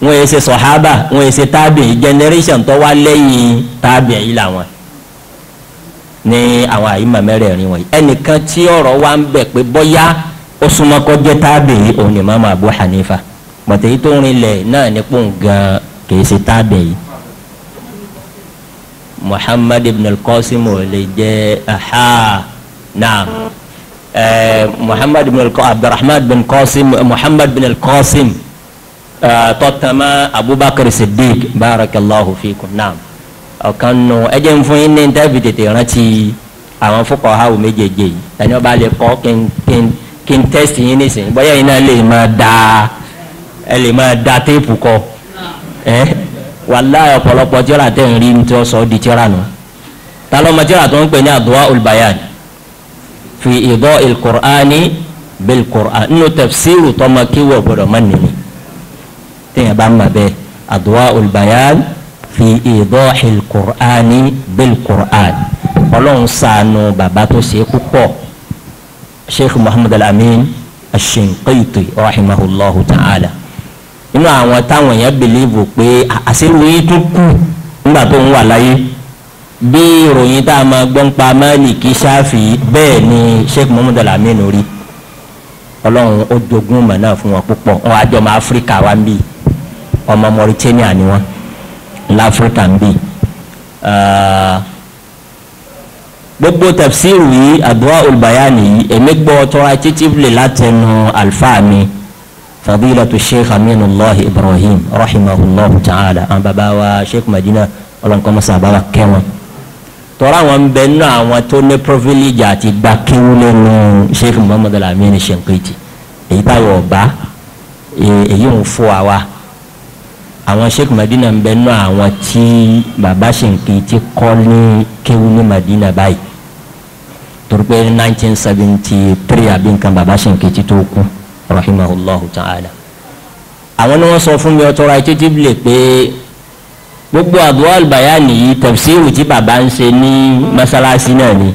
wọn èsè sọ̀hábà wọn èsè táàbì yìí generation tó wá lẹ́yìn táàbì yìí làwọn ní àwọn àyímọ̀ mẹ́rẹ̀ẹ̀rin wọ̀nyí ẹnìkan tí ọ̀rọ̀ wa ń bẹ̀ pé bọ́yá ó súnmọ́ kó jẹ́ tábìlì òun ni mọ́mọ́ Abu Hanifa pọ̀tẹ́ yìí tó ń rinlẹ̀ náà ní pòun gan kìí ṣe tábìlì Muhammad ibn al-Qasim ò jẹ́ aha naam eh, Muhammad ibn al-Qasim Abdurrahman ibn al-Qasim Muhammad ibn al-Qasim uh, tọ́tàmá Abubakar Siddiq barakallahu fikum naam ọ̀kan nù ẹjẹ́ ń fún yín ní tẹ́bi tètè rántí àwọn fúkọ̀ ha ò méjèèjì yìí tani ọba lè kọ́ kí n tẹ́sì yín nísìnyí bóyá yín náà lè máa da ẹ lè máa da téèpù kọ ẹ wàláyé ọ̀pọ̀lọpọ̀ tíọ́rà tẹ̀ ń rí tí ó sọ di tíọ́rà nù ta ló mọ tíọ́rà tó ń pè ní àdúrà olùbáyàn fi ìdọ́ ìkùránì bẹ́ẹ̀ kùránì nínú tẹ̀síìrù tọmọ kíwọ̀ gbọ́dọ̀ mọ́ nìyí tẹ̀yìn bá ń mọ̀ bẹ́ẹ̀ àdúrà olùbáyàn fi idahil qur'ani bil qur'an ọlọ́run ṣàánú bàbá tó ṣe púpọ̀ sheikh muhammad al-amin ash-shinqiti rahimahullahu ta'ala nínú àwọn táwọn èèyàn bìlíìfù pé àṣìlóyè tó kù nígbà tó ń wà láyé bí ìròyìn tá a máa gbọ́ ń pa Málíkì Ṣáfì bẹ́ẹ̀ ni sheikh muhammad al rí ọlọ́run ó jogún mọ̀ náà fún wọn púpọ̀ wọn àjọmọ̀ áfíríkà wa ń bí ọmọ Mauritania ni wọn láfíríkà ń bì gbogbo tafsiru yìí adu'a olùbáyánì yìí èmi gbọ́ tọ́ra títífìlì látẹnu alfa mi fadilatu sheikh aminullahi ibrahim rahimahullahu ta'ala àwọn baba wa sheikh madina ọlọ́nkọ́mọ́sá baba kẹwọn tọ́ra àwọn bẹ nínú àwọn tó ní privilege àti gba kíwú lẹ́nu sheikh muhammad alamin shinqiti èyí táwọn ọba èyí ń fún wa àwọn sheikh madina ń bẹ nú àwọn tí baba ṣèǹkì ti kọ́ ní kéwú ní madina báyìí torí pé nineteen seventy three àbí nǹkan baba ṣèǹkì ti tó kú rahimahullahu ta'ala àwọn ni wọ́n sọ fún mi ọtọ́ra títí bìlẹ̀ pé gbogbo àbúrò àlùbáyánì yìí tafsiru tí baba ń ṣe ní mọ́sálásí náà ni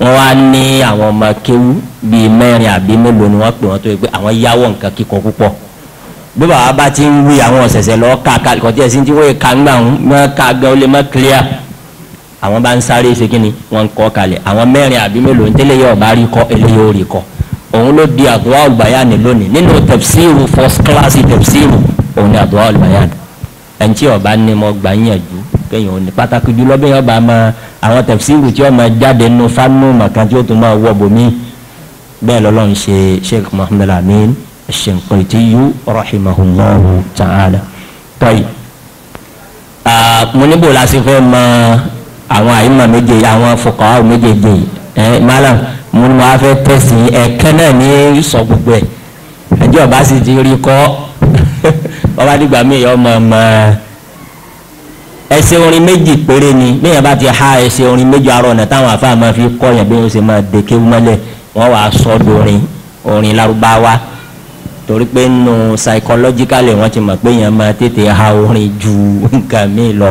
wọ́n wá ní àwọn ọmọ kéwú bíi mẹ́rin àbí mélòó ni wọ́n pè wọ́n tó yẹ pé àwọn yáwọ̀ nǹkan kíkọ púpọ̀ bí bàbá bá ti ń wí àwọn ọ̀sẹ̀sẹ̀ lọ ká kọ́ tí ẹ̀ sí ti wọ́n ká ńgbà ń ká gan ó lè má clear àwọn bá ń sáré ṣe kí ni wọ́n ń kọ́ kalẹ̀ àwọn mẹ́rin àbí mélòó ń tẹ́lẹ̀ yóò bá rí kọ́ eléyìí ó rí kọ́ òun ló di àdúrà olùbáyánì lónìí nínú tẹ̀psíìrù first class tẹ̀psíìrù òun ni àdúrà olùbáyánì ẹni tí ọba ní mo gbà ń yànjú kéèyàn ò ní pàtàkì jùlọ bí ọba máa àwọn tẹ̀psíìrù tí ọba jáde nínú fánú màkàn tí ó tún máa wọ bòmí bẹ́ẹ̀ lọ́lọ́run ṣe Sheikh Muhammad Amin Shinqitiyu rahimahullahu ta'ala. tọ́yì mo níbo la ṣe fẹ́ mọ àwọn àyímọ̀ méje àwọn fuqaha méjèèjì ẹ malam mo ní mo á fẹ́ tẹ̀sí ẹ̀kẹ́ náà ní sọ gbogbo ẹ̀ ẹjọ́ ọba sì ti rí kọ́ (laughs) ọba dìgbà míì ọmọ ọmọ ẹsẹ orin méjì péré ni bẹ́ẹ̀ bá ti ha ẹsẹ orin méjì arọ ọ̀nà táwọn afáà máa fi kọ́ yẹn bí wọ́n ṣe máa dèké mọ́lẹ̀ wọ́n wàá sọ́dọ̀ orin orin lárúbáwá torí pé nù psychologically wọ́n ti mọ̀ pé yẹn máa tètè ha orin ju (laughs) nǹkan mi lọ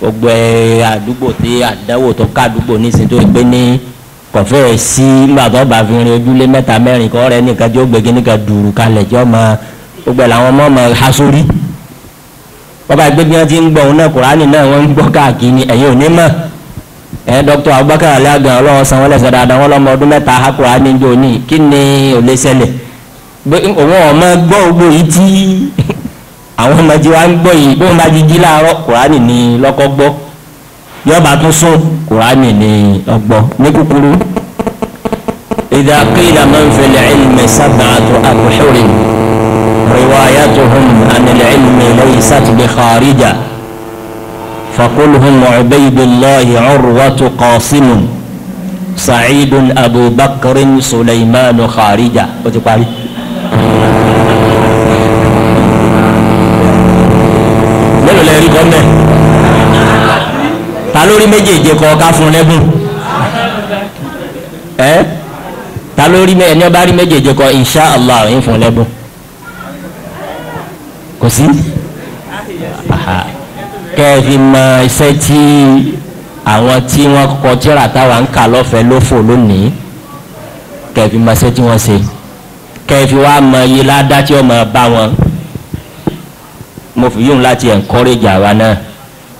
gbogbo ẹ àdúgbò tí àdáwò tó ká àdúgbò nísìnyí tó pé ní kọfẹ sí gbàgbọ́ bá fi rin ojúlé mẹ́ta mẹ́rin kọ́ rẹ nìkan tí ó gbé kíní kan dùrù kalẹ̀ jọ́ ma gbogbo làwọn ọmọ ma ha sórí bàbá gbé bí wọ́n ti ń gbọ́ òun náà kùránì náà wọ́n ń gbọ́ káàkiri ẹ̀yin ò ní mọ̀ ẹ̀ Abubakar alágan ọlọ́wọ́ sanwó-ẹlẹ́sẹ̀ dáadáa wọn lọ́mọ ọdún mẹ́ta ha kùránì jọ ní kí ni ò lè ṣẹlẹ̀ òun ọmọ gbọ́ gbogbo yìí tí àwọn ọmọdé wa ń gbọ́ yìí bóun bá ti jí láàárọ̀ kùránì ní lọ́kọ́ gbọ́ yọba tún sún kùránì ní ọgbọ́ ní kúkúrú. إذا قيل من في العلم سبعة أبحر روايتهم عن العلم ليست بخارجة فقل هم عبيد الله عروة قاسم سعيد أبو بكر سليمان خارجة ó ti parí mélòó lẹ rí ta lórí méjèèjì kọ ká fún lẹ́bùn ẹ ta lórí ẹni ọba rí méjèèjì kọ insha allah ń fún lẹ́bùn kò sí kẹ́ẹ̀fì mọ iṣẹ́ tí àwọn tí wọ́n kọ tíra táwa ń kà lọ́fẹ̀ẹ́ lófò lónìí kẹ́ẹ̀fì mọ iṣẹ́ tí wọ́n ṣe. kẹfì wa mọ iye ládá tí ọmọ bá wọn mo fi yóò láti encourage àwa náà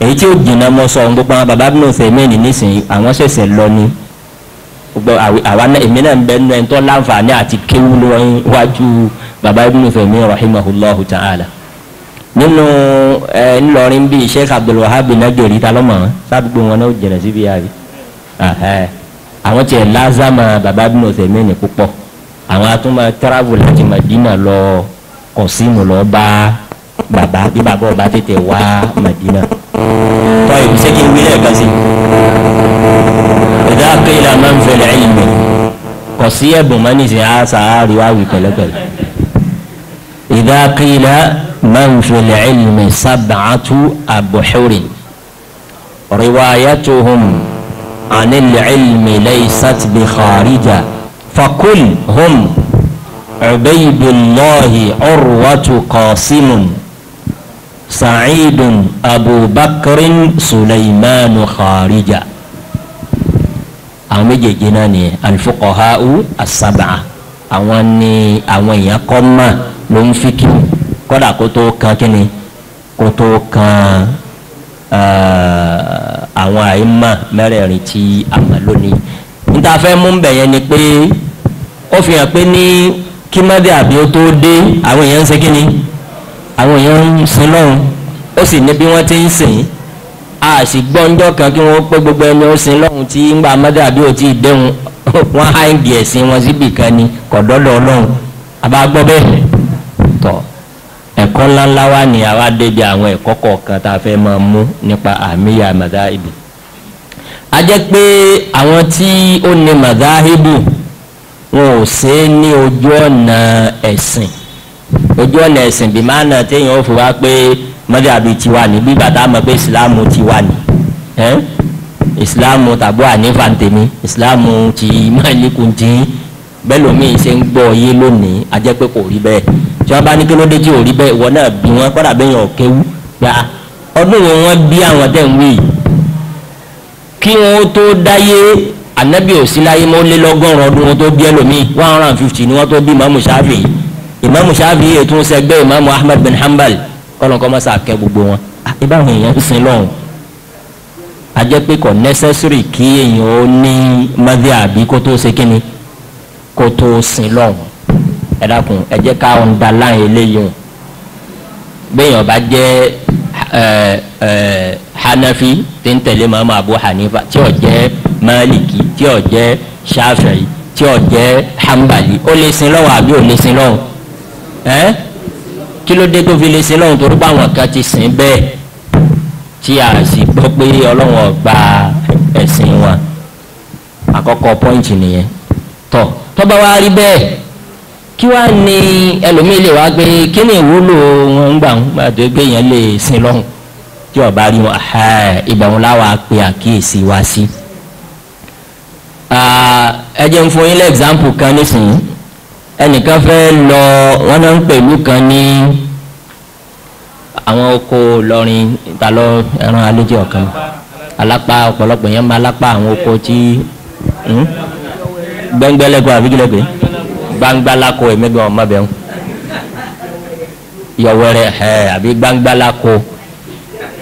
èyí tí ó jìnnà mọ sọ ohun gbogbo àwọn baba bí mo fẹ mẹ́rin nísìnyí àwọn ṣẹ̀ṣẹ̀ lọ ni gbogbo àwa náà èmi náà ń bẹ nínú ẹni láǹfààní àti kéwú lọ́wọ́jú baba bí mo fẹ ta'ala nínú ẹ ńlọrin bíi sheikh abdulwahab najori talọ́mọ sábìgbò wọn náà ó jẹ̀rẹ̀ síbi àbí àwọn tiẹ̀ lázàmà baba bí mo fẹ mẹ́rin púpọ̀ àwọn atúmọ̀ travel láti Madina lọ kọ̀símù lọ bá bàbá bí bàbá ọba tètè wá Madina. tọ́ ìlú sẹ́kì wílẹ̀ kan sí. ìdá qila man fil ilmi kọ̀sí ẹ̀bùn mọ́ni sí àṣà àríwá wì pẹ̀lẹ́pẹ̀lẹ́. ìdá qila man fil ilmi sab'atu abhurin riwayatuhum anil ilmi laysat bi kharija fakul hum ubaidullahi urwatu qasimun sa'idun abubakarin suleimanu kharija àwọn méjèèjì náà ni alfuqaha'u as-sab'a àwọn ni àwọn èèyàn kọ́ mà ló ń fìkì kódà kó tó kan kíni kó tó kan àwọn àìmọ̀ mẹ́rẹ̀ẹ̀rin tí a mọ̀ lónìí níta fẹ́ mú bẹ̀ yẹn ni pé ó fi hàn pé ní kí mọ́dé àbí ó tó dé àwọn èèyàn ń ṣe kíni àwọn èèyàn ń sin lọ́run ó sì ní ti ń a sì gbọ́ ńjọ́ kan kí wọ́n pé gbogbo ẹni ó sin lọ́run tí ń gba àbí ó ti (laughs) wọ́n á ń wọn síbì kan ni kọ̀dọ́dọ̀ bẹ́ẹ̀ tọ́ ẹ̀kọ́ ńláńlá wa ni débi àwọn ẹ̀kọ́ kọ̀ọ̀kan tá a fẹ́ máa mú nípa àmì a jẹ́ pé àwọn tí ó ní màdáhìbù wọn ò ṣe é ní ojú ọ̀nà ẹ̀sìn ojú ọ̀nà ẹ̀sìn bí máa nà téèyàn ó fi wá pé mọ́dàbí tiwa ní bí bàtà mọ̀ pé ìsìláàmù tiwa ní ìsìláàmù tàbí ànífà tèmi ìsìláàmù ti máìlíkù ti bẹ́ẹ̀ lómi ṣe ń gbọ́ yé lónìí a pé kò rí bẹ́ẹ̀ tí wọ́n bá ní kí tí ò rí bẹ́ẹ̀ ìwọ náà bí wọn kọ́dà bẹ́ẹ̀ yàn kéwú gbà ọdún yìí wọ́n bí àwọn tẹ̀ ń wí yìí kí wọn tó dáyé anabi ò sí láyé mọ́ lé lọ́gọ́rùn ọdún wọn tó bí ẹlòmíì one hundred and fifty ni wọn tó bí imamu shafi imamu shafi ètò sẹgbẹ́ imamu ahmed bin hanbal kọ́lọ́n kọ́ mọ́sá kẹ́ gbogbo wọn ìbáwọn èèyàn ń sin lọ́hùn ajẹ́ pé kò necessary kí èèyàn ó ní mọ́dé àbí kó tó ṣe kíni kó tó sin lọ́hùn ẹ dákun ẹ jẹ́ ká ọ̀ǹda láàyè eléyìí hàn bẹ́ẹ̀ ọba jẹ́ hanafi tí ń tẹ̀lé mọ́mọ́ abu hanifa tí ó jẹ́ maliki tí ó jẹ́ shafi'i tí ó jẹ́ hanbali ó lè sin lọ́wọ́ àbí ó lè sin lọ́wọ́ ẹ́ kí ló dé tó fi lè sin lọ́wọ́ torí pé àwọn kan ti sìn bẹ́ẹ̀ tí a sì gbọ́ pé ọlọ́run ọgbà ẹ̀sìn wọn àkọ́kọ́ pọ́ǹtì nìyẹn tọ́ tọ́ba wa rí bẹ́ẹ̀ kí wàá ní ẹlòmíì lè wá gbé kí ni ìwúlò wọn ń gbà ń gbà tó gbé yẹn lè sin lọ́hùn tí ọba rí wọn ìgbà wọn láwa pe àkíyèsí wá sí. ẹ jẹ́ ń fún yín lẹ́ example kan nísìnyí ẹnìkan fẹ́ lọ wọn náà ń pẹ̀lú kan ní àwọn oko lọrin ìtàlọ ẹran alẹ́jẹ́ ọ̀kan alápá ọ̀pọ̀lọpọ̀ yẹn máa lápá àwọn oko tí hmm? gbẹ́ngbẹ́lẹ́gbẹ́ àbíkílẹ́gbẹ́ gbangba lako èmi gan ọmọ bẹ́ẹ̀ ń yọwẹrẹ ẹ àbí gbangba lako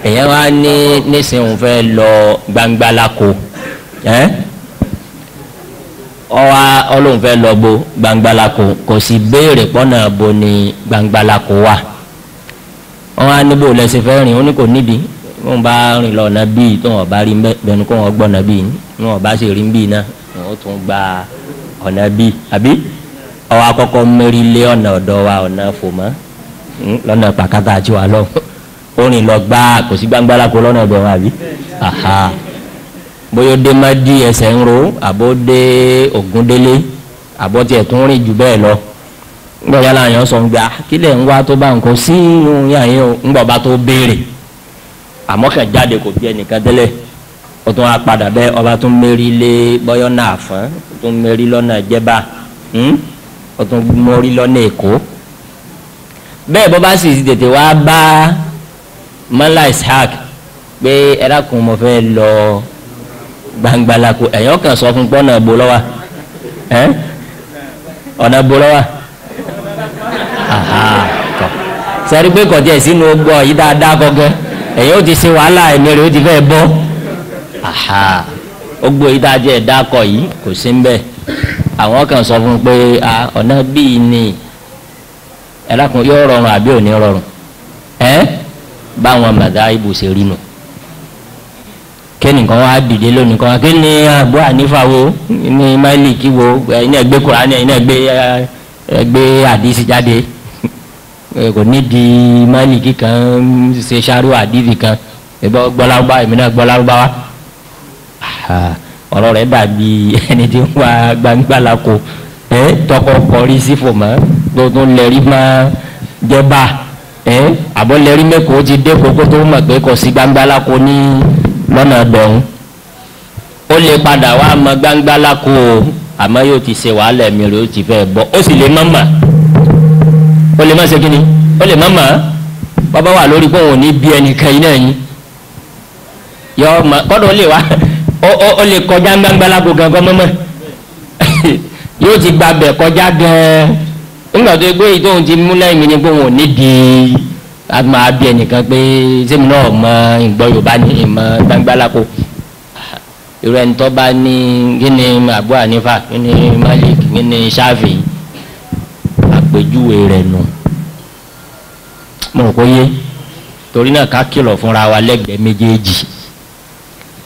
èyàn wá ní nísìnyìí fẹ́ lọ gbangba lako ẹ ọwa ọlọ́run fẹ́ lọ bo gbangba lako kò sì béèrè pọ́nà bo ni gbangba lako wà wọn wá níbo lẹ́sẹ̀ fẹ́ rìn ó ní kò nídìí wọn bá rìn lọ ọ̀nà bíi tó wọn bá rí bẹnu kó wọn gbọ́ ọ̀nà bíi wọn bá sì rí bíi náà wọn tún gba ọ̀nà bíi àbí ọwọ́ akọ́kọ́ mẹ́rin lé ọ̀nà ọ̀dọ́ wa ọ̀nà fòmọ́ hmm, lọ́nà pàkátà àti wà orin lọ gbá kò sí gbangba la kó lọ́nà ọ̀dọ́ wa bí bóyá dé má di ẹsẹ̀ ń ro àbó dé Ògúndélé àbó tiẹ̀ tún rìn jù bẹ́ẹ̀ lọ gbọ́dọ̀ la yàn sọ ń gbà ah, kílẹ̀ ń wá tó bá nǹkan sí irun yàn yín o ń tó béèrè àmọ́ jáde kò bí ẹnìkan tẹ́lẹ̀ ó tún wá padà bẹ́ẹ̀ ọba tún mérí lé bọ́yọ́ náà fún tún mérí lọ́nà jẹba. Hmm? ọ̀tún mọ́rí lọ́nà èkó bẹ́ẹ̀ bọ́ bá sì tètè wá bá mọ́lá ishaq pé ẹ̀rákùn mo fẹ́ lọ gbangbalako ẹ̀yọ́ kan sọ fún pọ́nà ìbò ẹ́ ọ̀nà ìbò sẹ́rí pé kọjá ìsínú ogbọ́ yìí ti ṣe wàhálà ẹ̀mí rẹ̀ ti fẹ́ bọ́ ogbó yìí dáa jẹ́ ẹ̀dá yìí kò àwọn kan sọ fún un pé ọ̀nà bíi ni ẹlẹ́kùn yóò rọrùn àbí òní rọrùn ẹ́ báwọn màdá ibù ṣe rí nù kẹ́nìkan wá dìde lónìí kan kí ni Abu Hanifa wo ní Málíkì wo ẹ̀yin ẹgbẹ́ Kùránì ẹ̀yin ẹgbẹ́ ẹgbẹ́ àdìsí jáde kò ní di Málíkì kan ṣe ṣàrú àdìsí kan ìbọn gbọ́láwọ́ bá èmi náà gbọ́láwọ́ bá wa. Ah, ọ̀rọ̀ rẹ̀ dàbí ẹni tí ń wá gbangba lako ẹ tọkọ kọrí sí fòmọ́ tó tún lẹ́rí máa jẹba ẹ àbọ̀ lẹ́rí mẹ́kọ̀ọ́ ti dé kókó tó mọ̀ pé kò sí gbangba lako ní lọ́nà dọ̀hún ó lè padà wá mọ gbangba lako o àmọ́ yóò ti ṣe wàhálà ẹ̀mí rẹ̀ ó ti fẹ́ bọ́ ó sì lè má mà ó lè má ṣe kí ni ó lè má mà bàbá wà lórí pé òun ò ní bí ẹnìkan yín náà yín yọ ọmọ kọ́dọ̀ ó lè wá ó lè kọjá gbangbalago gangan mọ́mọ́ (laughs) yóò ti gba bẹ̀ kọjá gan nígbà tó gbé yìí tóun ti mú mi ni pé òun ò ní di máa bí ẹnìkan pé sẹ́mi náà mọ ìgbọ́ Yorùbá ní ìmọ̀ gbangbalago irú ẹni tó bá ní gíní Abu Hanifa gíní Malik gíní Shafi àpèjúwe rẹ̀ nù mo rò pé yé torí náà ká kìlọ̀ fúnra wa lẹ́gbẹ̀ẹ́ méjèèjì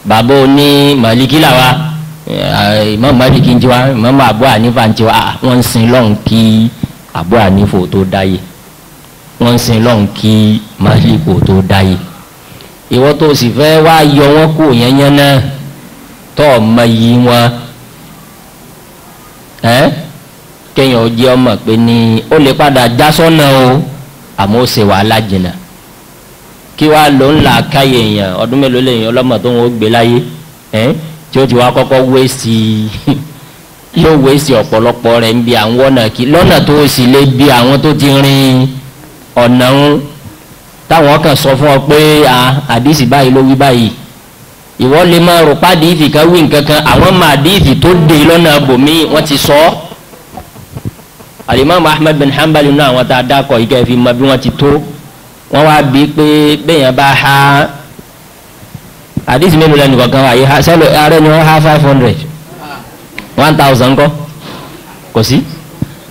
bàbá oní màlìkí làwa ìmọ̀ màlìkí ń tiwa ìmọ̀ àbọ̀ ànífà ń tiwa wọ́n ń sin lọ́hùn kí àbọ̀ ànífò tó dáyé wọ́n ń sin lọ́hùn kí màlìkò tó dáyé ìwọ́n tó sì fẹ́ wá yọ wọ́n kó yẹn yẹn náà tọ́ ọmọ yìí wọn kéèyàn jẹ́ ọmọ pé ní ó lè padà já sọ́nà o àmọ́ ó ṣe wàhálà jìnnà kí wàá lò ń là káyè èèyàn ọdún mélòó lèèyàn ọlọ́mọ tó ń gbé láyé ẹ́n tí ó ti wá kọ́kọ́ wéèsì (laughs) yóò wéèsì ọ̀pọ̀lọpọ̀ rẹ̀ ń bi àwọn ọ̀nà kí lọ́nà tó sì lè bi àwọn tó ti rin ọ̀nà ń táwọn kan sọ fún ọ pé àdìsí báyìí ló wí báyìí ìwọ lè máa rò pàdé kan wí nǹkan kan àwọn máa dé tó dé lọ́nà bòmí wọ́n ti sọ ọ́ alimami ahmed bin hanbali náà àwọn tá a dákọ̀ yìí kẹ́ fi mọ bí wọ́n ti tó wọ́n wá bí pé bẹ́yàn bá ha àdìsí mélòó lẹ́nu kankan wáyé ha sẹ́lẹ̀ ààrẹ ni wọ́n ha five hundred one thousand kọ́ kò sí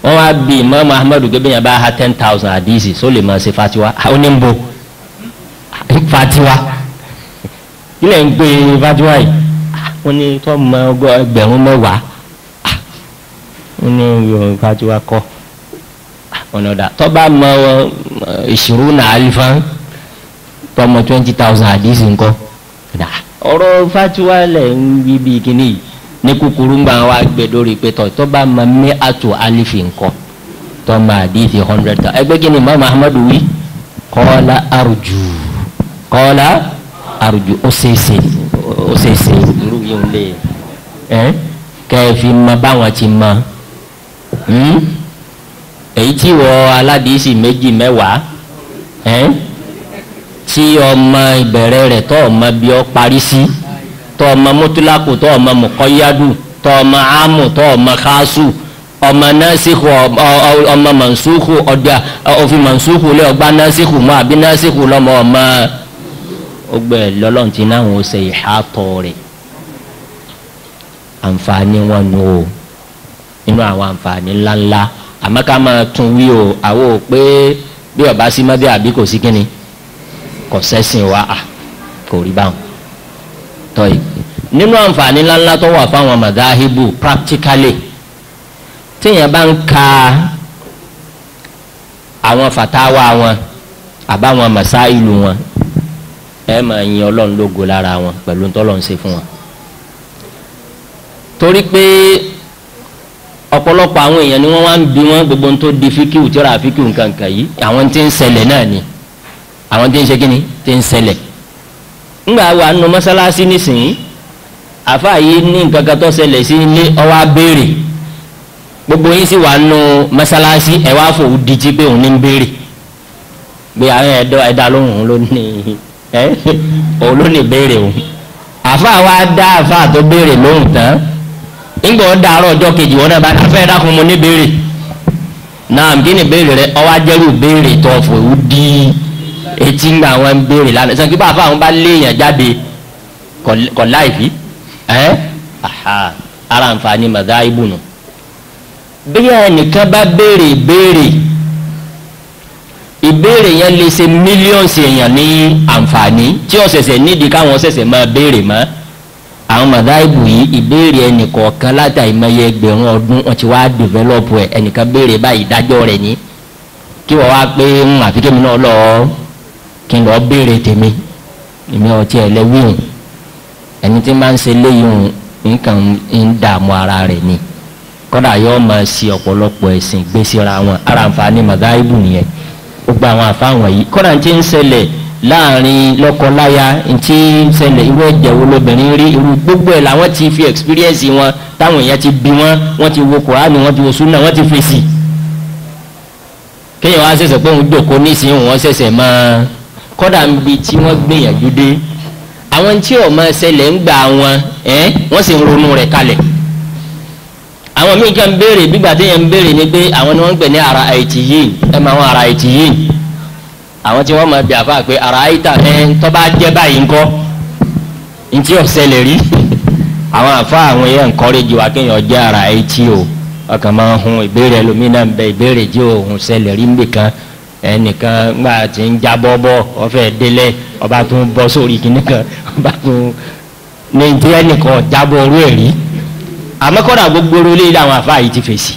wọ́n wá bí Imam Ahmadu pé bẹ́yàn bá ha ten thousand àdìsí só máa ṣe fatiwa ó ní ń bo fatiwa ilẹ̀ ń gbé fatiwa yìí wọ́n ní tó mọ ẹgbẹ̀rún mẹ́wàá wọ́n ní fatiwa kọ́ ọ̀nàdà tọ́ba mọ ìṣòro náà alifa tọmọ twenty thousand àdìsí ńkọ ọ̀rọ̀ fatiwa lẹ̀ ń wí bí kínní ní kúkúrú ń gbà wá gbẹ lórí pé tọ́ tọ́ba mọ mi àtò alifi ńkọ tọ́mọ àdìsí hundred thousand ẹgbẹ́ kínní mọ́ muhammadu wí kọ́lá arjù kọ́lá arjù ó ṣeéṣe ó ṣeéṣe irú yìí ń lé ẹ kẹ́ ẹ fi mọ báwọn ti mọ. Hmm? èyí tí wọ aládìísì méjì mẹ́wàá ẹ́n tí ọmọ ìbẹ̀rẹ̀ rẹ̀ tọ́ ọmọ bí ọ parí sí tọ́ ọmọ mọ́tòlákù tọ́ ọmọ mọ̀kọ́yádù tọ́ ọmọ ámù tọ́ ọmọ káásù ọmọ násìkò ọmọ mọ̀nsúkù ọ̀dà òfin mọ̀nsúkù lé ọgbà násìkù mọ́ àbí násìkù lọ́mọ ọmọ ọgbẹ́ lọ́lọ́run ti náà wọ́n ṣe ìhàtọ̀ rẹ̀ àǹfààní wọn nù ó inú àwọn àǹfààní ńláńlá àmọ́ ká máa tún wí o àwo pé bí ọba sí mọ́bí àbí kò sí kínni kò sẹ́sìn wa à kò rí báwọn tọ́yì nínú àǹfààní ńláńlá tó wà fáwọn màdáhìbù practically téèyàn bá ń ka àwọn fàtáwà wọn àbáwọn màsáìlù wọn ẹ máa yin ọlọ́run lógo lára wọn pẹ̀lú ntọ́lọ́run ṣe fún wọn torí pé ọ̀pọ̀lọpọ̀ àwọn èèyàn ni wọ́n wá ń bi wọ́n gbogbo ń tó di fíkìwù tíra fíkìwù nkankan yìí àwọn tí ń ṣẹlẹ̀ náà ni àwọn tí ń ṣe kíni tí ń ṣẹlẹ̀ ńgbà wà nù mọ́sálásí nísìnyí àfa yìí ní nǹkan kan tó ṣẹlẹ̀ sí ilé ọwọ́ abéèrè gbogbo yín sì wà nù mọ́sálásí ẹ̀ wá fò ó di tí pé òun ní ń béèrè gbé àwọn ẹ̀dá lóhùn òun ló ní ẹ̀ òun ló ní béèrè òun àfa wa dá àfa tó béèrè lóhùn tán. ńgbọ́ dàárọ̀ ọjọ́ kejì wọn náà bá fẹ́ dákun mo ní béèrè náà kí ni béèrè rẹ ọwọ́ béèrè tó ọ̀fọ̀ ìwú di etí ńgbà wọn ń béèrè lánàá sọ kí bá fáwọn bá léèyàn jáde kọ̀ láìfi ẹ́ ara nfààní màdá ibùnú bí ẹnìkan bá béèrè béèrè ìbéèrè yẹn àwọn mọ̀dáìbù yìí ìbéèrè ẹnìkọ̀ọ̀kan látàrí mẹ́yẹ ẹgbẹ̀rún ọdún wọn ti wá dèvẹ́lọ́pù ẹ̀ ẹnìkan béèrè báyìí ìdájọ́ rẹ̀ ní kí wọ́n wá pé ń àfi kémi náà lọ kí n lọ béèrè tèmi èmi ọtí ẹ̀ lẹ́wìn ẹni tí máa ń ṣe léyìn nǹkan ń dààmú ara rẹ̀ ni kọ́dà yóò máa ṣe ọ̀pọ̀lọpọ̀ ẹ̀sìn gbèsè ra wọn nìyẹn gbogbo àwọn àfáwọn yìí kọ́dà ti ń ṣẹlẹ̀ láàrin lọ́kọláya ntí ṣẹlẹ̀ irú ẹ̀jẹ̀ wo lóbìnrin rí irú gbogbo ẹ̀ làwọn ti fi experience wọn táwọn èèyàn ti bí wọn wọ́n ti wo kùránì wọ́n ti wo súnà wọ́n ti fèsì kéèyàn wá ṣẹ̀ṣẹ̀ pé òun jòkó nísìnyí wọ́n ṣẹ̀ṣẹ̀ mọ́ kódà ń bi tí wọ́n gbìyànjú dé àwọn tí ọmọ ṣẹlẹ̀ ń gbà wọn ẹ wọ́n sì ń ronú rẹ̀ kalẹ̀ àwọn míì kan béèrè bí gbàdéyàn béèrè ni pé àwọn ni wọ́n ń pè ní ara àìtì yìí ẹ máa wọn ara àìtì yìí àwọn tí wọ́n máa bí àfa pé ara ayíta ẹ tó bá jẹ́ báyìí ńkọ́ ntí ọ̀sẹ̀ lè rí àwọn àfa àwọn yẹn encourage wa kéèyàn jẹ́ ara ayítí o ọkàn máa ń hun ìbéèrè lómìnà ń bẹ ìbéèrè jí òun ṣẹlẹ̀ rí nbìkan ẹnìkan ńgbà tí ń já bọ́bọ́ ọ̀fẹ́ délẹ̀ ọba tó ń bọ́ sórí kìnnìkan ọba tó ní ntí ẹnìkan jábọ̀ orú ẹ̀rí àmọ́ kọ́dà gbogbo orí ilé àwọn àfa yìí ti fèsì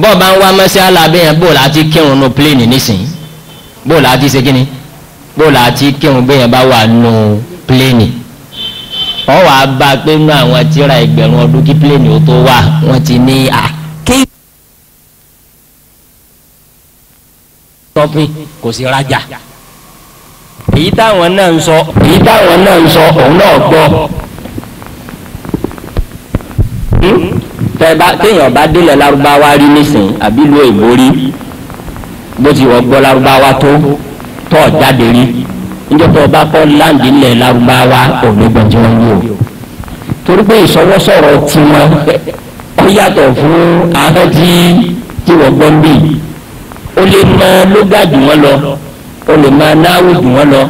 bọ́ọ̀ bá ń wá mọ́sí alábẹ́yẹn bó la ti kírun nu pléènì nísìnyí bó la ti ṣe kí ni bó la ti kírun bẹ́yẹn bá wà nù pléènì wọ́n wàá bá a pé nú àwọn tíra ẹgbẹ̀rún ọdún kí pléènì ó tó wà wọ́n ti ní à kí. tọ́pìn kò sí rájà èyí táwọn náà ń sọ èyí táwọn náà ń sọ òun náà gbọ́. Hmm? tẹ́ẹ̀bá téèyàn bá délẹ̀ lárúbáwá rí nísìn àbí lu èbó rí bó ti wọ́n gbọ́ lárúbáwá tó tọ́ jáde rí níjọba ọba kọ́ láǹdì lẹ̀ lárúbáwá ògbẹ́gbẹ́jọ́ ní o torí pé ìsọwọ́sọ̀rọ̀ tiwọn ó yàtọ̀ fún ahọ́n tí tí wọ́n gbọ́ ń bì ó lè mọ lóga jù wọ́n lọ ó lè mọ náwó jù wọ́n lọ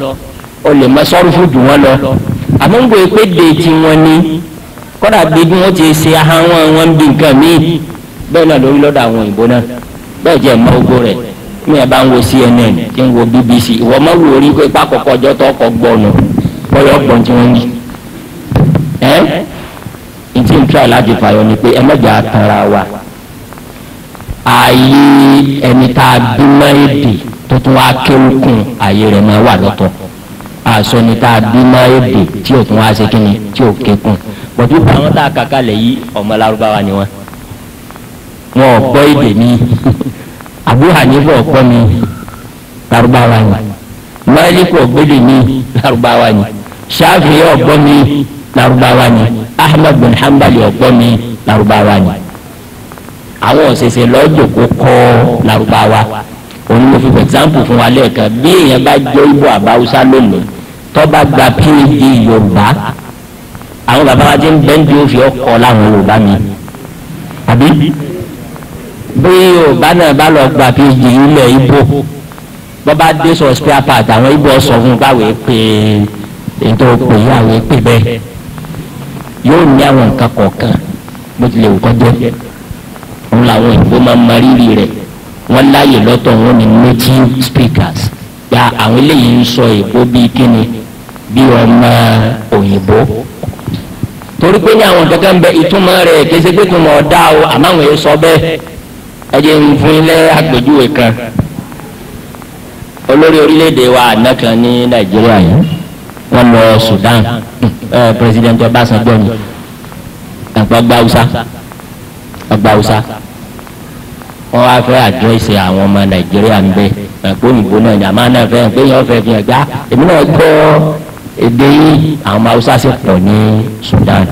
ó lè mọ sọ́rùfù jù wọ́n lọ àmọ́ ń gbé pé dé tiwọn ni kọ́dà gbẹ́dún wọn ti ṣe ahọ́n wọn bí nǹkan míì bẹ́ẹ̀ náà lórí lọ́dọ̀ àwọn òyìnbó náà bẹ́ẹ̀ jẹ́ mọ́ ogbó rẹ̀ mi ẹ̀ bá ń wo CNN tí ń wo BBC ìwọ mọ́ wò orí pé pákọ̀kọ́ ọjọ́ tó ọkọ̀ gbọ́nù bọ́yọ̀ ọgbọ̀n tí wọ́n ń yí ẹ́ n tí n tíra láti fàyọ ni pé ẹ mọ̀jà wa ààyè ẹni tá a bímọ èdè tó tún wá kéwù kún ààyè rẹ̀ máa wà lọ́tọ̀ àṣọ ni tá a bímọ èdè tí ò tún wá ṣe kíni tí ò ké kún pọ̀jù táwọn tá a kàkà lẹ̀ yìí ọmọ Lárúbáwá ni wọn. wọn ò gbọ́ èdè mi (laughs) Abu Hanifa ọ̀pọ̀ mi Lárúbáwá ni Málíkù ọ̀gbẹ́dẹ̀ mi Lárúbáwá ni Ṣáfi'í ọ̀gbọ́ mi Lárúbáwá ni Ahmad bin Hanbali ọ̀gbọ́ mi Lárúbáwá ni. àwọn ọ̀sẹ̀sẹ̀ lọ́jọ́ kó kọ́ Lárúbáwá òun ló fi for example fún wa lẹ́ẹ̀kan bí èèyàn bá jẹ́ ibo àbáwúsá lónìí tó gba phd Yorùbá àwọn bàbá wa ti ń bẹ́ẹ̀ bí ó fi ọkọ̀ láwọn yorùbá mi àbí bí yorùbá náà bá lọ gba phd ilẹ̀ ibo bọ́bá dé sọ spare part àwọn ibo sọ fún báwo pé ètò òpè yìí àwọn èpè bẹ́ẹ̀ yóò ní àwọn nǹkan kọ̀ọ̀kan bó tilẹ̀ wù kọ́jọ́ òun làwọn òyìnbó máa ń mọ rírì rẹ̀ wọ́n láàyè lọ́tọ̀ wọn ni native speakers gba àwọn eléyìí ń sọ èbó bíi kíni bí ọmọ òyìnbó torí pé ní àwọn kankan ń bẹ ìtumọ̀ rẹ̀ kése pé kò mọ̀ dá o àmọ́ àwọn èèyàn sọ bẹ́ẹ̀ ẹ jẹ́ ń fún ilé àgbèjúwe kan olórí orílẹ̀-èdè wa àná kan ní nàìjíríà yìí wọ́n lọ Sudan ẹ president Ọbásanjọ́ ni àgbà gbáwúsá àgbà wọ́n wá fẹ́ àdírẹ́sì àwọn ọmọ nàìjíríà ń bẹ ẹ̀kọ́ òyìnbó náà ni àmọ́ náà fẹ́ pé yẹn fẹ́ fi hàn gbá ah, èmi náà gbọ́ ọ́ èdè yìí àwọn haúsá sì pọ̀ ní Sudan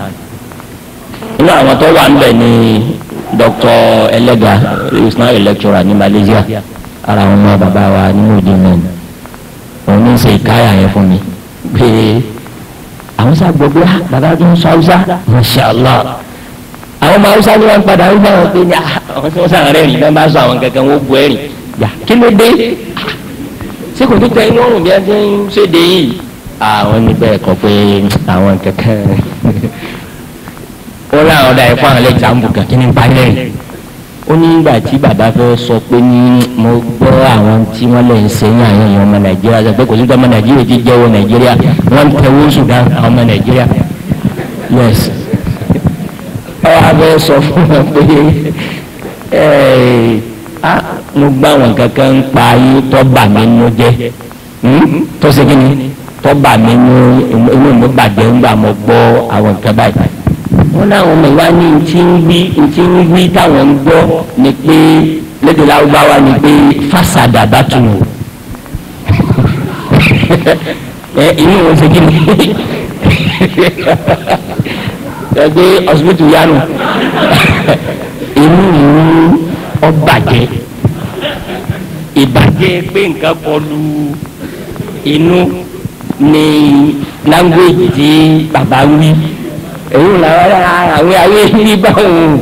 nínú àwọn tó wà níbẹ̀ ni Dr. Elega is lecturer ní Malaysia ara àwọn ọmọ bàbá wa nínú ìdí náà òun ní ṣe ìkáyà yẹn fún mi pé àwọn sá gbogbo ah, bàbá tó ń sọ haúsá mashallah àwọn ọmọ haúsá ni wọn padà ń gbà wọn pé ní ah, àwọn tí wọn sàn rẹ́rìn náà bá sọ àwọn kankan wọn bu ẹ̀rìn kí ló dé ah, ṣé kò ní tẹ inú ọrùn bí wọn ti ń ṣèdè yìí àwọn ah, níbẹ̀ kọ pé àwọn kẹ̀kẹ́ ó láwọn dá ikú àwọn lẹ́jàmbù kẹ̀kẹ́ ní balẹ̀ ó ní ìgbà tí bàbá fẹ́ sọ pé ní mo gbọ́ àwọn tí wọ́n lè ń ṣe ní àwọn èèyàn ọmọ nàìjíríà sọ kò sí ọmọ nàìjíríà ti jẹ́wọ́ nàìjíríà wọ́n ń tẹ̀wọ́ sudan àwọn ọmọ nàìjíríà yes ọ abẹ́ sọ fún wọn pé ẹ̀ẹ́ mo gbọ́ àwọn kankan ń pa ayé tó bà mí nínú jẹ́ hmm? tó ṣe kí ni tọ́ba mi ní inú mi bàjẹ́ ńgbà mo gbọ́ àwọn nǹkan báyìí wọn láwọn ọmọ ìwá ní ntí ń wí táwọn ń gbọ́ ni pé lédè láwùbáwá ni pé fásádà bá tún o (laughs) ẹ inú wọn ṣe kí ni (laughs) ẹ gbé ọsibítù yánu (laughs) inú ìlú ọbàjẹ́ ìbàjẹ́ pé nǹkan kọlu inú ní language tí bàbá wí la làwọn àwọn ayé ni báwọn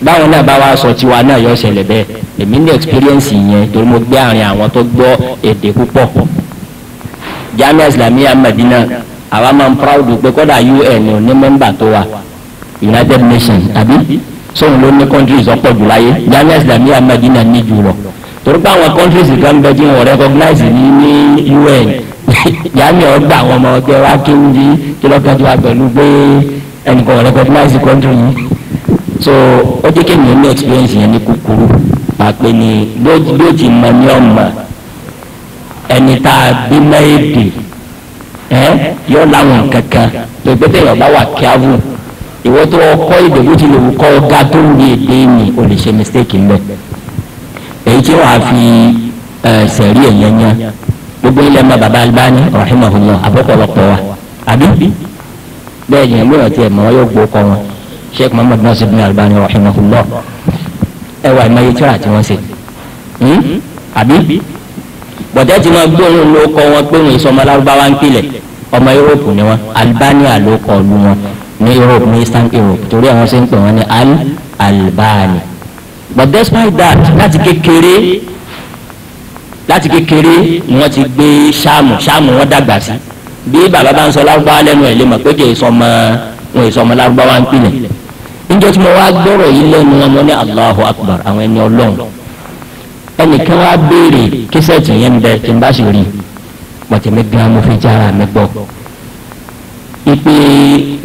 báwọn náà bá wa sọ tiwa náà yọ ṣẹlẹ̀ bẹ́ẹ̀ èmi ní experience yẹn torí mo gbé àárín àwọn tó gbọ́ èdè púpọ̀ Jamia Islamia Madina àwa máa ń proud pé kódà UN ò ní mẹ́mbà tó wà United Nations tàbí sóun ló ní countries ọ̀pọ̀ jù láyé Jamia Islamia Madina ní jù lọ torí pé àwọn countries kan bẹ jí wọn recognize ní UN jàmí ọgbà àwọn ọmọ ọgbẹ wa kéwù bí kílọ̀kẹ́ tó wà pẹ̀lú pé ẹnìkan recognize country yìí so ó jẹ́ kéèyàn ní experience yẹn ní kúkúrú àpè ní ló ti mọ ní ọmọ ẹni tá a bí mọ́ èdè ẹ yọ láwọn kankan tó gbẹ́dẹ̀ yọ̀ bá wà kíávù ìwọ tó kọ́ èdè bó ti lè kọ́ ọ̀gá tó ń di èdè mi ò lè ṣe mistake ńbẹ èyí tí wàá fi ẹ̀ sẹ̀rí ẹ̀yẹ́nyẹ́ gbogbo ilẹ̀ ma baba Albani rahimahullah abọ́pọ̀lọpọ̀ wa àbí bẹ́ẹ̀ yẹn lóyún ọtí ẹ̀ mọ́ yóò gbó kọ́ wọn Sheikh Muhammad Nasir bin Albani rahimahullah ẹ wà ìmọ̀ yẹtí àti wọn ṣe hmm? àbí bọ̀dẹ́ ti máa gbóhùn ló kọ́ wọn gbóhùn ìsọmọ alárúbáwá ń pilẹ̀ ọmọ Europe ni wọn Albania ló kọ́ lu wọn ní Europe ní Eastern Europe torí àwọn ṣe wọn ní Al Albani but despite that láti kékeré láti kékeré wọ́n ti gbé sáàmù sáàmù wọ́n dàgbà sí bí bàbá bá ń sọ lárúbáwá lẹ́nu ẹ̀ lè mọ̀ pé kì í sọ ọmọ wọn ì sọ ọmọ lárúbáwá ń pilẹ̀ níjọ́ tí mo wá gbọ́rọ̀ yìí lẹ́nu wọn ní Allahu Akbar àwọn ẹni ọlọ́run ẹnìkan wá béèrè kíṣẹ́ẹ̀tì yẹn ń bẹ tí n bá sì rí pọ̀tẹ́mí gan mo fi jára mi gbọ́ ìpè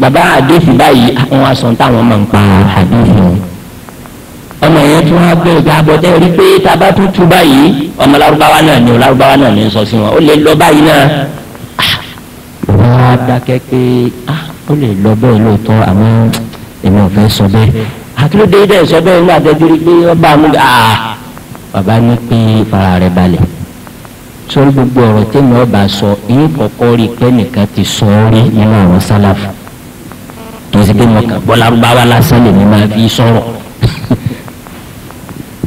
bàbá àdéhùn báyìí àwọn aṣọ táwọn máa ń pa àdéhùn ọmọ yẹn tún wá bẹ̀rẹ̀ bí abọ́jẹ́ rí pé tába tún tu báyìí ọmọ lárúbáwá náà ni lárúbáwá náà ni sọ sí wọn ó lè lọ báyìí náà ah, wọ́n á dákẹ́ pé ah, ó lè lọ bẹ́ẹ̀ lóòótọ́ àmọ́ èmi ò fẹ́ sọ bẹ́ẹ̀ àtúndé dẹ̀ sọ bẹ́ẹ̀ ńlá dẹ́gbẹ́rẹ́ pé ọba mú àá ah, bàbá ní pé fara rẹ̀ balẹ̀ sórí gbogbo ọ̀rọ̀ tẹ́mi ọba sọ èyí kọ̀kọ́ rí i pé nìkan ti sọ ọ́ rí nínú àwọn sálàfù kì í sì pé mo kà gbọ́ lárúbáwá lásán lèmi máa fi sọ̀rọ̀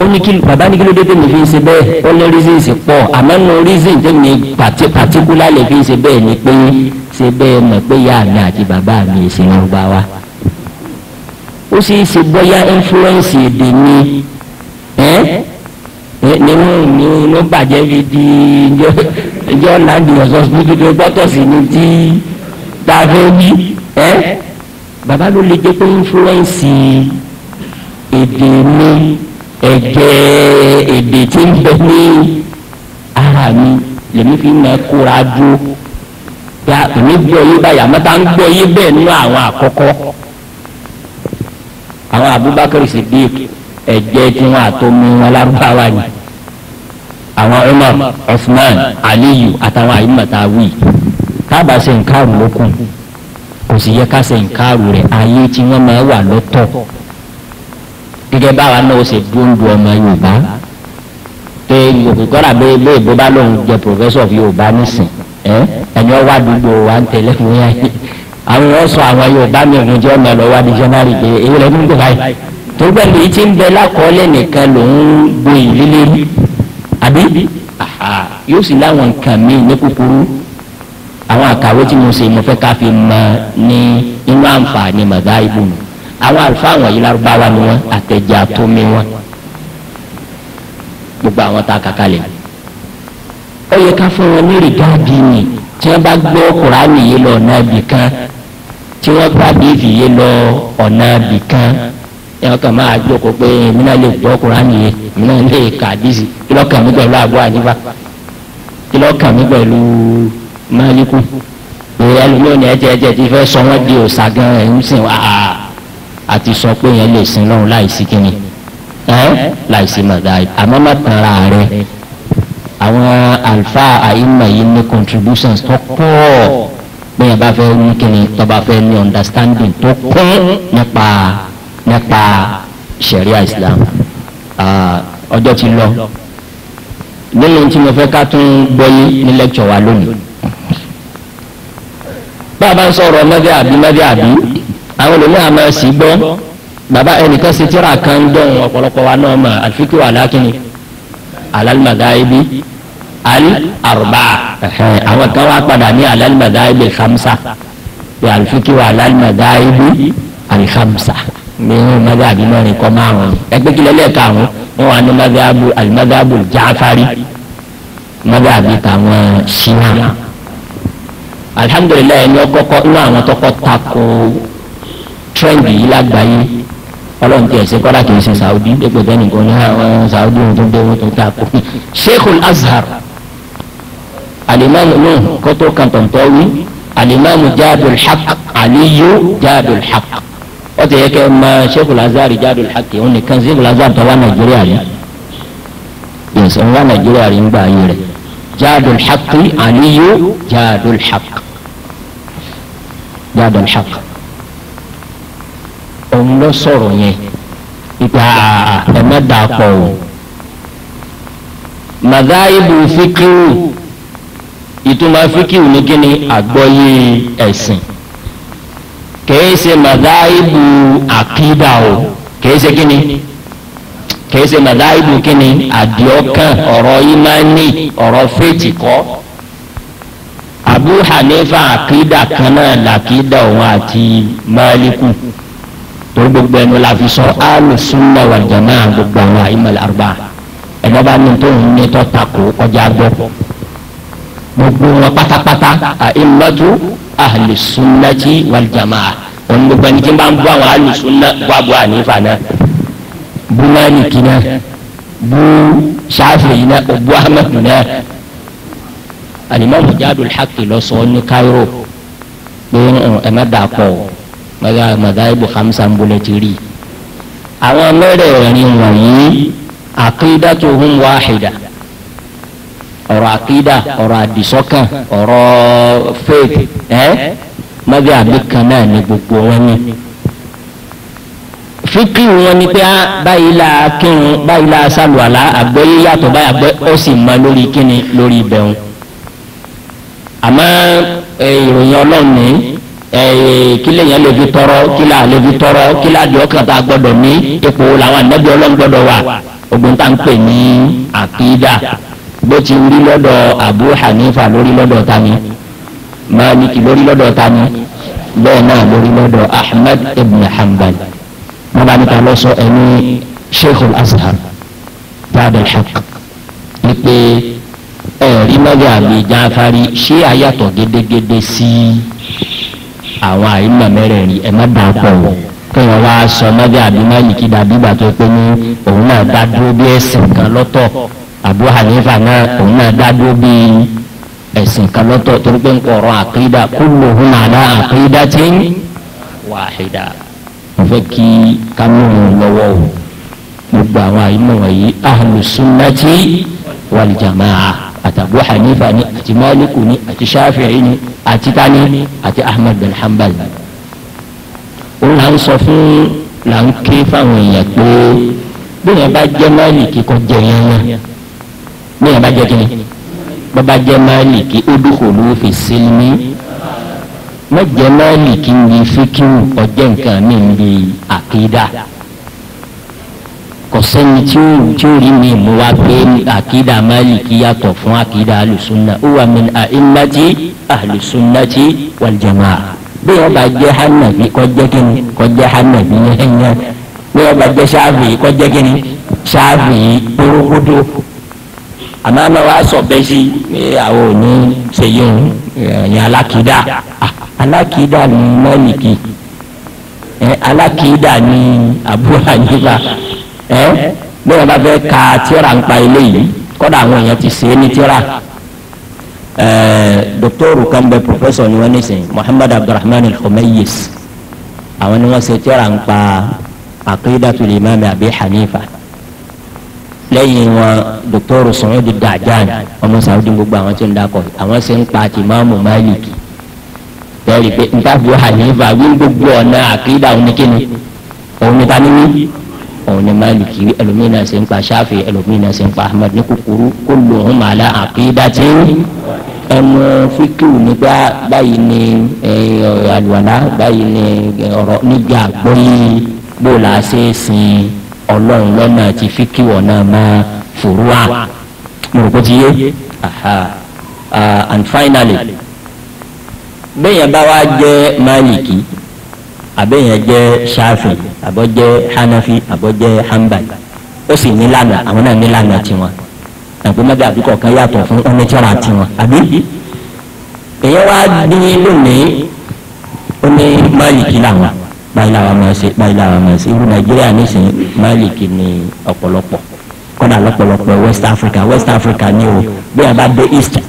ó ní kí bàbá ní kí ló dé tèmi fi se ṣe bẹ́ẹ̀ ó ní reasons pọ̀ àmọ́ nù reason tèmi pàtí pàtíkúlà lè fi ń ṣe bẹ́ẹ̀ ni pé ṣe bẹ́ẹ̀ mọ̀ pé ìyá mi àti bàbá mi ìṣe Yorùbá wa ó sì ṣe bóyá influence èdè ni nínú nínú bàjẹ́ fi di ìjọ láǹdì ọ̀sán tuntun gbọ́tọ̀ sí ni tí tá a fẹ́ wí bàbá ló lè jẹ́ pé influence èdè ni ẹ̀jẹ̀ èdè tí ń bẹ ní ara mi lèmi fi máa kóra dúró ya èmi gbọ́ yé báyà mẹ́ta ń gbọ́ yé bẹ́ẹ̀ nínú àwọn àkọ́kọ́ àwọn Abubakar Siddiq ẹ̀jẹ̀ tí wọn àtọmọ wọn lárúbáwá ni àwọn Umar Usman Aliyu àtàwọn àyùmọ̀tà wí kábàá ṣe nǹkan àrùn lókun kò sì yẹ ká ṣe nǹkan àrùn rẹ̀ ayé tí wọ́n máa wà lọ́tọ̀ gẹ́gẹ́ báwa náà ó ṣe dúndú ọmọ yorùbá pé kọ́ra bẹ́ẹ̀ bẹ́ẹ̀ bó bá lóun jẹ professor yorùbá nísìn ẹni ọ wá dúdú wa ń tẹ̀lé fún yà yìí àwọn yóò sọ àwọn yorùbá mìíràn jẹ́ ọmọ ẹ̀rọ wa dictionary pé èyí rẹ̀ nígbà báyìí tó gbẹ̀lú yìí ti ń bẹ lákọọ́lẹ̀ nìkan lòun gbé ìlílé rí àbí yóò sì láwọn nǹkan míì ní kúkúrú àwọn àkàwé tí mo ṣe mo fẹ́ ká fi mọ ní inú àǹfààní màdá ibùdó àwọn àlùfáà wọ̀nyí lárúbáwá ni wọ́n àtẹ̀jẹ́ àtọ́mí wọn gbogbo àwọn tá a kàkà lẹ̀. ó yẹ ká fún wọn ní rìgáàdì ni tí wọ́n bá gbọ́ kùránì yìí lọ ọ̀nà ibì kan tí wọ́n bá bíbí yìí lọ ọ̀nà ibì kan ẹ̀wọ̀n kan máa jókòó pé èmi náà lè gbọ́ kùránì yìí èmi náà lè kà dísì kí lọ́kàn mi pẹ̀lú àbọ̀ àníbá kí lọ́kàn mi pẹ̀lú máàlíkù ìyá lómi ẹ̀jẹ̀ ẹ̀jẹ̀ tí fẹ́ sọ wọ́n di òòsà gan ẹ̀ ń sìn wá àti sọ pé yẹn lè sin lọ́run láìsí kíni ẹ́ láìsí mọ̀dáì àmọ́ má tàn ra rẹ̀ àwọn alfa àyínmọ̀ yìí ní contributions tó pọ̀ bí yẹn bá fẹ́ ní kíni tó bá fẹ́ ní understanding tó pẹ́ nípa nípa sharia islam ọjọ́ ti lọ nínú tí mo fẹ́ ká tún gbọ́yé ní lecture wa lónìí bá a bá ń sọ̀rọ̀ mẹ́fẹ́ àbí mẹ́fẹ́ àbí àwọn olùmọ̀ àmọ́ sí gbọ́ bàbá ẹnìkan ṣe tíra kan dán ọ̀pọ̀lọpọ̀ wa náà mọ̀ àfikún alákìnní alálùmọ̀dáyébí al arba àwọn kan wá padà ní alálùmọ̀dáyébí hamsa bí àfikún alálùmọ̀dáyébí alihamsa ní mọ́gàbí mọ́rin kọ́ márùn-ún ẹgbẹ́ kílẹ̀ lẹ́ẹ̀ka àwọn wọn wà ní mọ́gàbù alimọ́gàbù jáfárí mọ́gàbí tàwọn ṣíà alihamudulilayi ni ọkọ̀ inú àwọn tọkọ tako trend yìí lágbàáyé ọlọ́run tí ẹ̀sìn kọ́lá kìí ṣe saudi dépò tẹ́nìkan ní àwọn saudi ohun tó gbéwó tó ta kó sheikhul azhar alimami nuh kótó kàntọ̀ntọ́wí alimami jaadul haq aliyu jaadul haq ó ti yẹ kẹ́ ma sheikhul azhar jaadul haq òun nìkan sheikhul azhar tó wà nàìjíríà rí yẹsẹ̀ wà nàìjíríà rí ń gbà yín rẹ̀ jaadul haq aliyu jaadul haq jaadul haq òun lọ sọ̀rọ̀ yẹn ìgbà ẹ̀mẹ́dàpọ̀ o màdáìbù fíkìrù ìtumọ̀ fíkìrù ní kíni àgbọ́yé ẹ̀sìn kìí ṣe màdáìbù àkídà o kìí ṣe kíni kìí ṣe màdáìbù kíni àdìọ́kàn ọ̀rọ̀ ìmánì ọ̀rọ̀ fèjì kọ́ Abu Hanifa akida kan náà làkídà òun àti Máàlíkù torí gbogbo ẹnu la fi sọ alu sunna wa jamaa gbogbo àwọn àyìnbal arba ẹ̀dọ́ bá ní tó ń ní tó takò kọjá gbọ́ gbogbo wọn pátápátá àyìnbatu ahli sunnati wal jamaa wọn gbogbo ẹni tí n bá ń bọ àwọn alu sunna bọ àbọ ànífà náà bú mánìkì náà bú sáfìrì náà bú ahmadu náà alimami jadul haqi lọ sọ ní Cairo pé ẹ má dà pọ̀ gbàgbà mọ̀dáìbù hamsa ń bolẹ̀ ti rí i. àwọn mẹ́rẹ̀ẹ̀rin wọ̀nyí àkídá tó hún wáhìdá ọ̀rọ̀ àkídá ọ̀rọ̀ àdìsọ́kàn ọ̀rọ̀ faith ẹ́ mọ́bí àbí náà ní gbogbo wọn ni. fíkì wọn ni pé báyìí la kírun báyìí la sálùwàlá àgbẹ̀yé yàtọ̀ báyìí àgbẹ̀ ó sì mọ lórí kíni lórí ibẹ̀ àmọ́ ìròyìn ọlọ́run nìyí. Eh, kílẹ̀ yẹn lè fi tọrọ kílẹ̀ àlè fi tọrọ kílẹ̀ àdìọ́ kàtà gbọ́dọ̀ ní ipò làwọn ànábì ọlọ́run gbọ́dọ̀ wà ogun tá n pè ní àkídà bó ti rí lọ́dọ̀ Abu Hanifa lórí lọ́dọ̀ tani Maliki lórí lọ́dọ̀ tani bẹ́ẹ̀ náà lórí lọ́dọ̀ Ahmad ibn Hanbal wọn bá níta lọ sọ ẹni Sheikhul Azhar ba'da al-haqq wípé ẹ̀rí mẹ́gàbí jáfárí ṣé ayàtọ̀ gédégédé sí i àwọn àyínbá mẹ́rẹ̀ẹ̀rin ẹ̀ má dà pọ̀ wọ̀ kí wọ́n wá sọ mọ́bí àbímọ́ yìí dàbí ìgbà tó pé ní òun náà dá dúró bí ẹ̀sìn kan lọ́tọ̀ àbúrò hanifa náà òun náà dá dúró bí ẹ̀sìn kan lọ́tọ̀ torí pé ń kọ̀ọ̀rọ̀ àkídà kúlò hún àdá àkídà tí ń wàhídà wọ́n fẹ́ kí kámúrù lọ́wọ́ o gbogbo àwọn àyínbá wọ̀nyí àti mọ́líkù ni àti ṣáfìrì ni àti tani àti ahmed bin hanbal ó là ń sọ fún là ń ké fáwọn èèyàn pé bóyá bá jẹ́ málìkì kọ́ jẹ yẹn bóyá bá jẹ́ kíni bàbá jẹ́ málìkì ó dúkò ló fi sílmi mẹ́jẹ málìkì ń bi fíkìwù ọjẹ́ nǹkan mi ń bi àkídà sẹ́ni tí ó tí ó rí mi mú wa pé àkídà Málíkì yàtọ̀ fún àkídà alùsùnà ó wà mí àìmọ́tì alùsùnàtì wàlìjàmà bí wọ́n bá jẹ́ hànàbí kọjá kínní kọjá hànàbí yẹnyẹ bí wọ́n bá jẹ́ sáàbì kọjá kínní sáàbì kúrúkúdú àmọ́ àmọ́ wa sọ bẹ́ẹ̀ sí àwọn òní ṣèyí òun ẹ̀yìn alákìdá ah, alákìdá ni Málíkì alákìdá ni Abu Hanifa ẹ bí wọn bá fẹ́ ka tíọ́rà ń pa eléyìí kọ́dà àwọn èèyàn ti ṣe é ní tíọ́rà ẹ dọkítọ́rù kan bẹ pòfẹ́sọ̀ ni wọ́n ní sìn Muhammad Abdulrahman al-Khumayis àwọn ni wọ́n ṣe tíọ́rà ń pa aqidatul imam Abi Hanifa lẹ́yìn wọn dọkítọ́rù Saudi Dajjan ọmọ Saudi gbogbo àwọn tí ń dakọ̀ àwọn ṣe ń pa àti Imamu Maliki bẹ́ẹ̀ rí pé nta fi hànífà wí gbogbo ọ̀nà àkídà òun kíni òun ta ní wí òun ni máàlìkì ẹlòmíín náà ṣe ń pa ṣáfì ẹlòmíín náà ṣe ń pa ahmed ní kúkúrú kó lo òun màálà àkídàtì ẹnu fíkìú nígbà báyìí ni àlùwàlá báyìí ni ọ̀rọ̀ nígbà gbóyè bó la ṣe sin ọlọ́run lọ́nà tí fíkìú ọ̀nà máa fòrú wa mo rò ti yé and finally bẹ́ẹ̀ yẹn bá wá jẹ́ máàlìkì àbẹ̀yẹn jẹ́ ṣáfì àbọ̀ jẹ́ hanafi àbọ̀ jẹ́ hanbali ó sì ní lànà àwọn náà ní lànà tiwọn àbí mẹ́ta àbí kọ̀ọ̀kan yàtọ̀ fún ọ́nẹ́tìrà tiwọn àbí èyẹ wá dín lónìí ó ní máàlìkì làwọn báyìí làwọn máa ṣe báyìí làwọn máa ṣe irú nàìjíríà nísìnyí máàlìkì ní ọ̀pọ̀lọpọ̀ kọ́dà lọ́pọ̀lọpọ̀ west africa west africa ni o bí a bá dé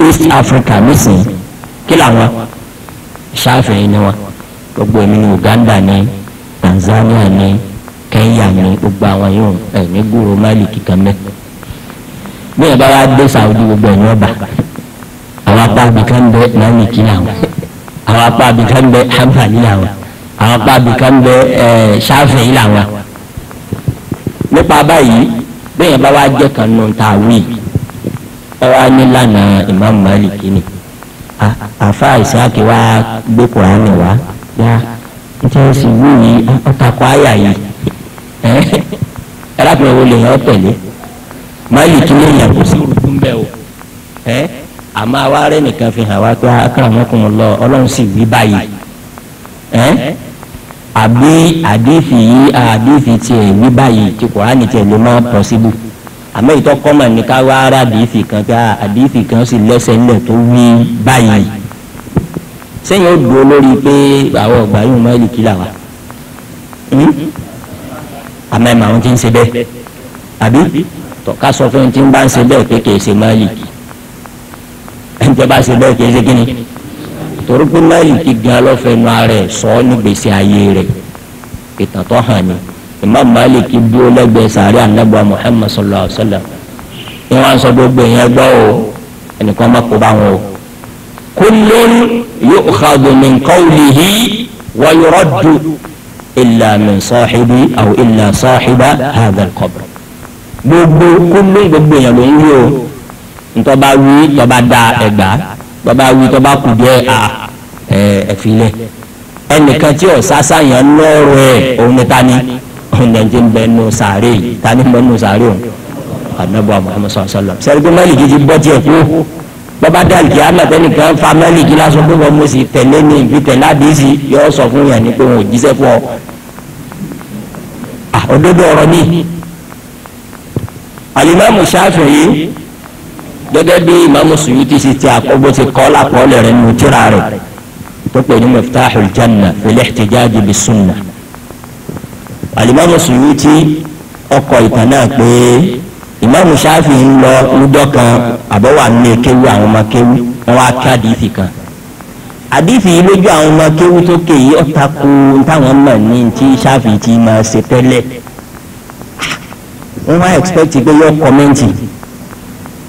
east africa nísìnyí kí làwọn ṣáfì ni wọn gbogbo èmi ní Uganda ní Tanzania ní Kenya ní gbogbo àwọn yóò ẹ ní gúrò máìlì kíkan mẹ bí ẹ bá wá dé Saudi gbogbo ẹ ní ọba àwọn apá abìkan bẹ Maliki làwọn àwọn apá abìkan bẹ Hanbali làwọn àwọn apá abìkan bẹ ẹ eh, Shafi'i làwọn nípa báyìí bí ẹ bá wá jẹ kan nù tàwí ẹ wá ní lánàá Imam Maliki ni àfa Isaki wá gbé Kùránì wá ya yá tí wọ́n sì wú yìí ọ̀tàkọ̀ àyà yìí ẹ̀rábìnrin (laughs) wo lè yàn tẹ̀lé máyì tún lè yàn kó sí òrùkún bẹ́ẹ̀ o àmọ́ àwa rẹ̀ nìkan fi hàn wá pé akọ̀rọ̀mọ́kùnrin lọ ọlọ́run sì wí báyìí àbí àdéfì yìí àdéfì tiẹ̀ wí báyìí tí kòránì tiẹ̀ lè má pọ̀síbù àmọ́ ìtọ́kọ́mọ̀ ní ká wá ara àdéfì kan ká àdéfì kan sì lẹ́sẹ̀ ńlẹ̀ tó wí báyìí sẹ́yìn ó dúró lórí pé àwọn ọgbà yóò mọ ìlìkí là wá hmm? àmọ́ ẹ̀ mà wọ́n ti ń ṣe bẹ́ẹ̀ àbí tọ́ka sọ fún ti ń bá ń ṣe bẹ́ẹ̀ pé kìí ṣe máìlìkì ẹ̀ ń tẹ́ bá ṣe bẹ́ẹ̀ kìí ṣe kíni torí pé máìlìkì gan lọ́fẹ̀ẹ́nu ara ẹ̀ sọ ọ́ ní gbèsè ayé rẹ̀ ìtàn tó hàn ní Imam Maliki dúró lẹ́gbẹ̀ẹ́ sàárẹ̀ anábọ̀ Muhammad sallallahu alaihi wa sallam ni wọ́n á sọ gbogbo ìyẹn gbọ́ o ẹnìkan má kó bá wọn o kullun يؤخذ من قوله wa إلا من صاحب أو إلا illa هذا hadha al-qabr gbogbo kúló gbogbo èèyàn ló ń wí o ntọ́ba wí tọ́ba da ẹ̀gbá tọ́ba wí tọ́ba kù jẹ́ à ẹ̀fílẹ̀ ẹnìkan tí ò sásá yẹn lọ́rọ̀ ẹ̀ òun ni ta ni òun ni ẹ̀jẹ̀ ń bẹ nù sàárè yìí ń bẹ nù sàárè òun àdúgbò Muhammad sallallahu alaihi wasallam sẹ́ríkì mẹ́lì kìí ti bọ́ tiẹ̀ kú bàbá dàlùkì àmọ̀tẹ́nì kan famẹ́lì kí lásán pé wọ́n mo sì tẹ̀lé ní ìfi tẹ̀lé àdìsí yọ sọ fún yàn ní pé wọn ò jíṣẹ́ fún ọ. òdodo ọ̀rọ̀ ni alimami Ṣafi'i gẹ́gẹ́ bí imamu Suyuti ti ti àkọ́bó ti kọ́ lápọ̀ọ́lẹ̀ rẹ̀ nù tíra rẹ̀ tó pè ní miftahul janna fil ihtijaj bis sunnah alimami Suyuti ọkọ̀ ìtàn náà pé ìmáàmù ṣáfì ń lọ lọ́jọ́ kan àbọ̀wà ní kéwú àwọn ọmọ kéwú wọn wá kí àdìsí kan àdìsí yìí lójú àwọn ọmọ kéwú tó ké yìí ọ̀ta ku táwọn mọ̀ ní tí ṣáfì ti máa ṣe tẹ́lẹ̀ wọ́n wá expect pé yọ kọ́mẹ́ǹtì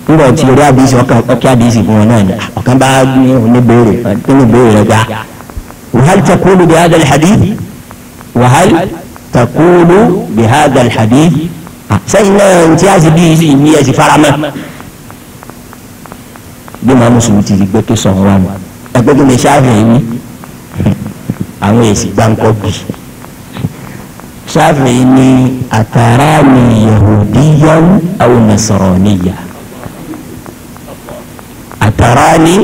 nígbà tí orí àdìsí ọkẹ́ àdìsí fún wọn náà ni ah, ọ̀kan bá ní oníbèrè oníbèrè rẹ̀ gbà wàhálì takulu bí hadal hadith wàhálì takulu bí hadal hadith sẹ́yìn náà ntí a sì bí ìní ẹ̀ sì faramọ́ bí màá mùsùlùmí ti rí gbé tó sọ̀rọ̀ wa nù ẹgbẹ́ kí ni sáfì yìí ní àwọn èsì gbáǹkọ́ bì sáfì yìí ní àtàrà ni yahudiyan aw nasraniya àtàrà ni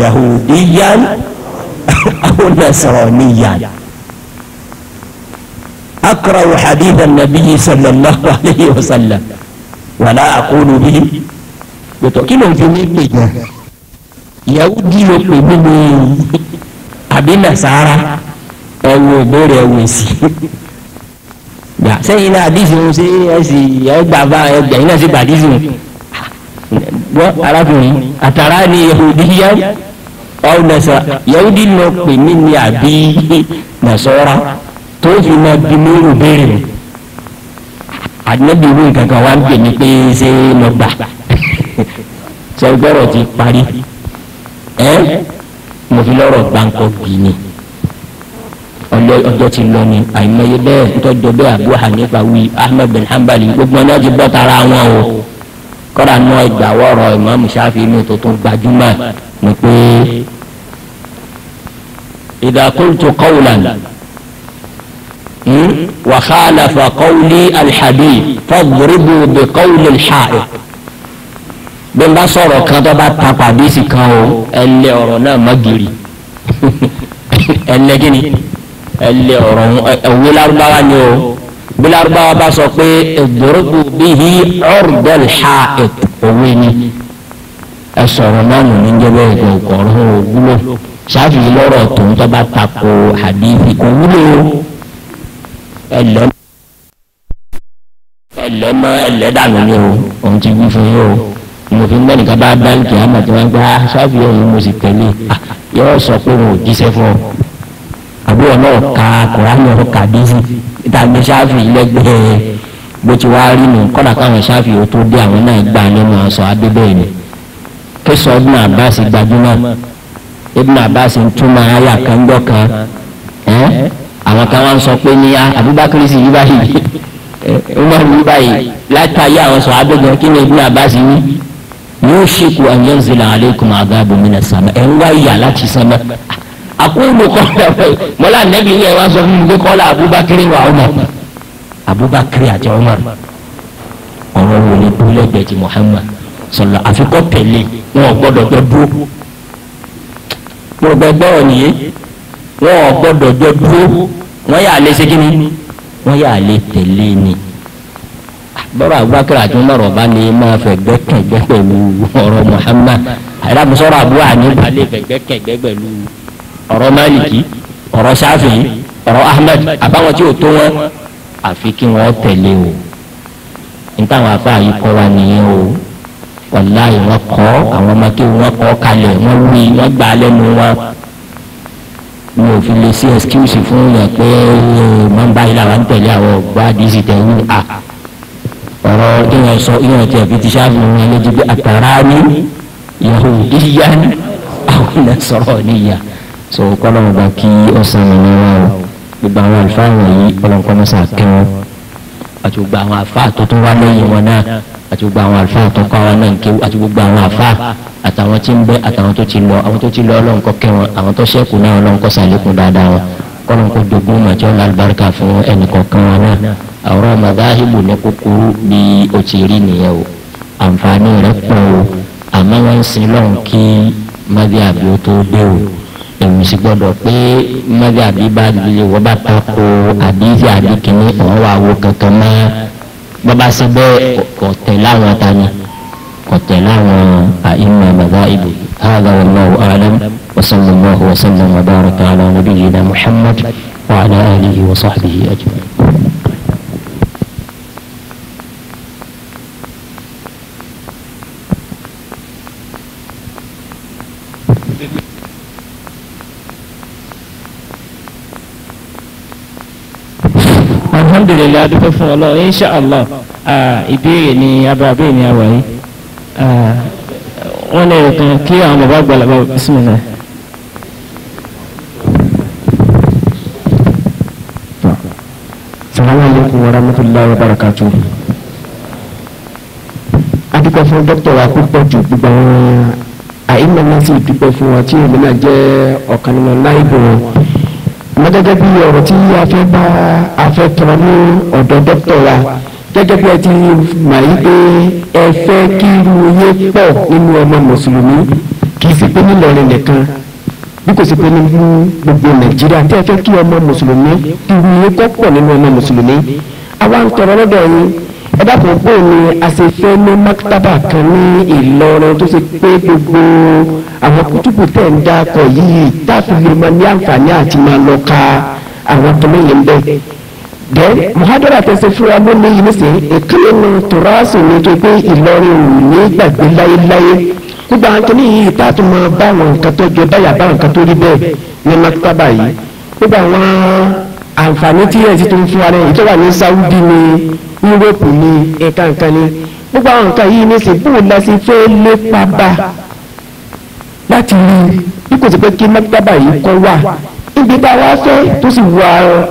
yahudiyan aw أقرأ حديث النبي صلى الله عليه وسلم ولا أقول به بتوكيل في مين yahudi ló pè mí ní àbí nasara ẹwọ ìbéèrè ẹwọ èsì gbà sẹ́yìn náà àdìsí ń ṣe ẹsì ẹgbà bá ẹgbà yín náà ṣe gbà àdìsí wọ arákùnrin àtàrà ni yahudi yá ọ nasara yahudi ló pè mí ní àbí nasara tó fi máa bí mérò béèrè àdínẹ́bí ìwé kankan wá ń pè ní pé ṣé lọ gbà sọ gbọ́rọ̀ ti parí ẹ́ mo fi lọ́rọ̀ gbáǹkọ́ bì ní ọjọ́ ti lọ ni àìmọye bẹ́ẹ̀ ntọ́jọ́ bẹ́ẹ̀ Abu Hanifa wi Ahmed bin Hanbali gbogbo ọ̀nà ti bọ́ tara wọn o kọ́ra nù ẹgbà wọ́ọ̀rọ̀ Imam Shafi inú tó gbajúmọ̀ ni pé idha qultu qawlan. وخالف قولي الحبيب فاضربوا بقول الحائط bí n bá sọ̀rọ̀ kan tó bá ta pàdésì kan o ẹlẹ́ ọ̀rọ̀ náà má giri ẹlẹ́ gini ẹlẹ́ ọ̀rọ̀ òwe lárúbáwá ni o bí lárúbáwá bá sọ pé ìdòrókù bíi ọ̀rùbẹ́lì ha òwe ni ẹ sọ̀rọ̀ náà nù ní jẹ́ bẹ́ẹ̀ kò kọ̀ọ̀rọ̀ òwúlò ṣáfìlì lọ́rọ̀ tòun tó bá ta ko àdéhìí òwúlò o. ẹlẹ́ ẹlẹ́ mọ́ ẹlẹ́ o òun ti wí o ìmọ̀fin mẹ́rin ká bá báńkì àmàtí wọn ọ̀hún mo sì tẹ̀lé ah, yọ sọ pé wọn jíṣẹ́ fún ọ àbí wọn náà ka kùránì ọ̀rọ̀ kàdísì gbé ṣáfì lẹ́gbẹ̀ẹ́ bó ti wá rí nù kọ́dà káwọn àwọn náà gbà ni kí sọ àbáṣe àbáṣe ń túmọ̀ ayà kan gbọ́ kan ẹ́. àwọn kan wá ń sọ pé ní ah, Abubakar sì yí báyìí (laughs) eh, Umar yí báyìí látàyé àwọn sọ abẹ́gbẹ́ kí ni Ibn Abbas yí yóò ṣèkù anyanzila aleikum agabu mina sama ẹ̀ ń wá ìyà láti sama àkóònù kọ́ńtà fẹ́ mọ́lá nẹ́bí yẹn wá sọ fún mi pé kọ́lá Abubakar wà Umar Abubakar àti Umar ọ̀rọ̀ wo ni búlẹ̀gbẹ̀ Muhammad sọlá àfikọ́ tẹ̀lé wọn ò gbọ́dọ̀ gbẹ dúró wọn ò gbẹ nìyẹn wọn ò gbọ́dọ̀ jọ dúró wọn yà lé segin wọn yà lé tẹ̀lé ni bọ́rọ̀ abubakar àti umar ọba ni máa fẹ́ gbẹ́kẹ̀gbẹ́ pẹ̀lú ọ̀rọ̀ muhammad àdàmúsọ̀rọ̀ abu hanifa lè fẹ́ gbẹ́kẹ̀gbẹ́ pẹ̀lú ọ̀rọ̀ maliki ọ̀rọ̀ shafi ọ̀rọ̀ ahmed àbáwọn tí o tó wọn àfi kí wọn tẹ̀lé o nítawọn afa yìí kọ́ wa nìyẹn o wàláyé wọn kọ́ àwọn ọmọ kí wọn kọ́ kalẹ̀ wọn wí wọn gbà lẹ́nu wọn wọn ò fi lè sí excuse fún yàn pé ó máa ń báyìí làwọn ń tẹ̀lé àwọn ọgbà dc tẹ̀wé à ọ̀rọ̀ ìyẹn sọ ìyẹn tẹ̀ fi ti ṣáàbù wọn lójú pé àtàrà ni yahudiya àwọn ilẹ̀ sọ̀rọ̀ níyà so kọ́lọ́mù bá kí ọ̀sán mi ní wọn o gbogbo àwọn àlùfáà wọ̀nyí ọlọ́nkọ́ mọ́sà kẹ́wọ́n àti gbogbo àwọn àlùfáà tó tún wá lẹ́yìn wọn náà àti gbogbo àwọn àlùfáà tó kọ́ àtàwọn tí ń bẹ àtàwọn tó ti lọ àwọn tó ti lọ ọlọ́run kọ́ kẹ́ wọn àwọn tó ṣẹ́kù náà ọlọ́run kọ́ sàlékún dáadáa wọn kọ́lọ́n kó jogún màtí ọ̀la àlùbáríkà fún ẹnì kọ̀ọ̀kan wọn náà àwọn màdáhìbù ní kúkúrú bí o ti rí nìyẹn o àǹfààní rẹ̀ pọ̀ o àmọ́ wọ́n ń sin lọ́run kí mọ́bí àbí ó tó dé o èmi sì gbọ́dọ̀ pé mọ́bí àbí bá lè wọ́n bá tako àdíjì àbí kìíní ọ̀hún wà wo kankan mọ́ bọ́ bá ṣe bẹ́ẹ̀ ọ̀tẹ̀ láwọn ta ni. وابتلاه أئمة مذائب هذا والله أعلم وصلى الله وسلم وبارك على نبينا محمد وعلى آله وصحبه أجمعين alhamdulillah لله fún الله إن شاء الله ni abẹ́ abẹ́ ni àwọ̀ Ah, wọ́n lè kàn kí àwọn bàbá àgbàlagbà bísímìlá. salamu alaikum wa rahmatulahi wa barakatu. a dúpẹ́ fún dókítà wa kó pọ̀ ju gbogbo àwọn àìmọ̀ náà sì dúpẹ́ fún wa tí èmi náà jẹ́ ọ̀kan nínú láìpẹ́ wọn. mo gẹ́gẹ́ bí ọ̀rọ̀ tí a fẹ́ bá a fẹ́ tọrọ ní ọ̀dọ̀ dókítà wa gẹ́gẹ́ bí ẹ ti mọ̀ yí pé ẹ fẹ́ kí irú oyé pọ̀ nínú ọmọ mùsùlùmí kì í sì pé nílọrin nìkan bí kò sì pé ní gbogbo nàìjíríà tí ẹ fẹ́ kí ọmọ mùsùlùmí irú oyé kọ́ pọ̀ nínú ọmọ mùsùlùmí àwa ń tọrọ lọ́dọ̀ yín ẹ dákun pé ní àṣefẹ́ ní maktaba kan ní ìlọrin tó ṣe pé gbogbo àwọn kútùbù tẹ̀ ń dákọ̀ yìí táàfin lè máa ní àǹfààní àti máa lọ ka àwọn tọ́lẹ́yìn dẹ muhadara tẹsẹ fúra ló léyìn nísìnyí ìkíni nu tòrásì ní tó pé Ìlọrin ò ní gbàgbé láyéláyé gbogbo àwọn kìnnì yìí tá a tún máa bá àwọn nǹkan tó jọ báyà bá nǹkan tó rí bẹ́ẹ̀ ní maktaba yìí gbogbo àwọn àǹfààní tí yẹn ti tún fún wa lẹ́yìn tó wà ní Saudi ní Yúróòpù ní nǹkan kan ní gbogbo àwọn nǹkan yìí nísìnyí bóun la sì fẹ́ lépa bá láti rí bí kò sí pé kí maktaba yìí kọ́ wà ibi tá a wá fẹ́ tó sì wọ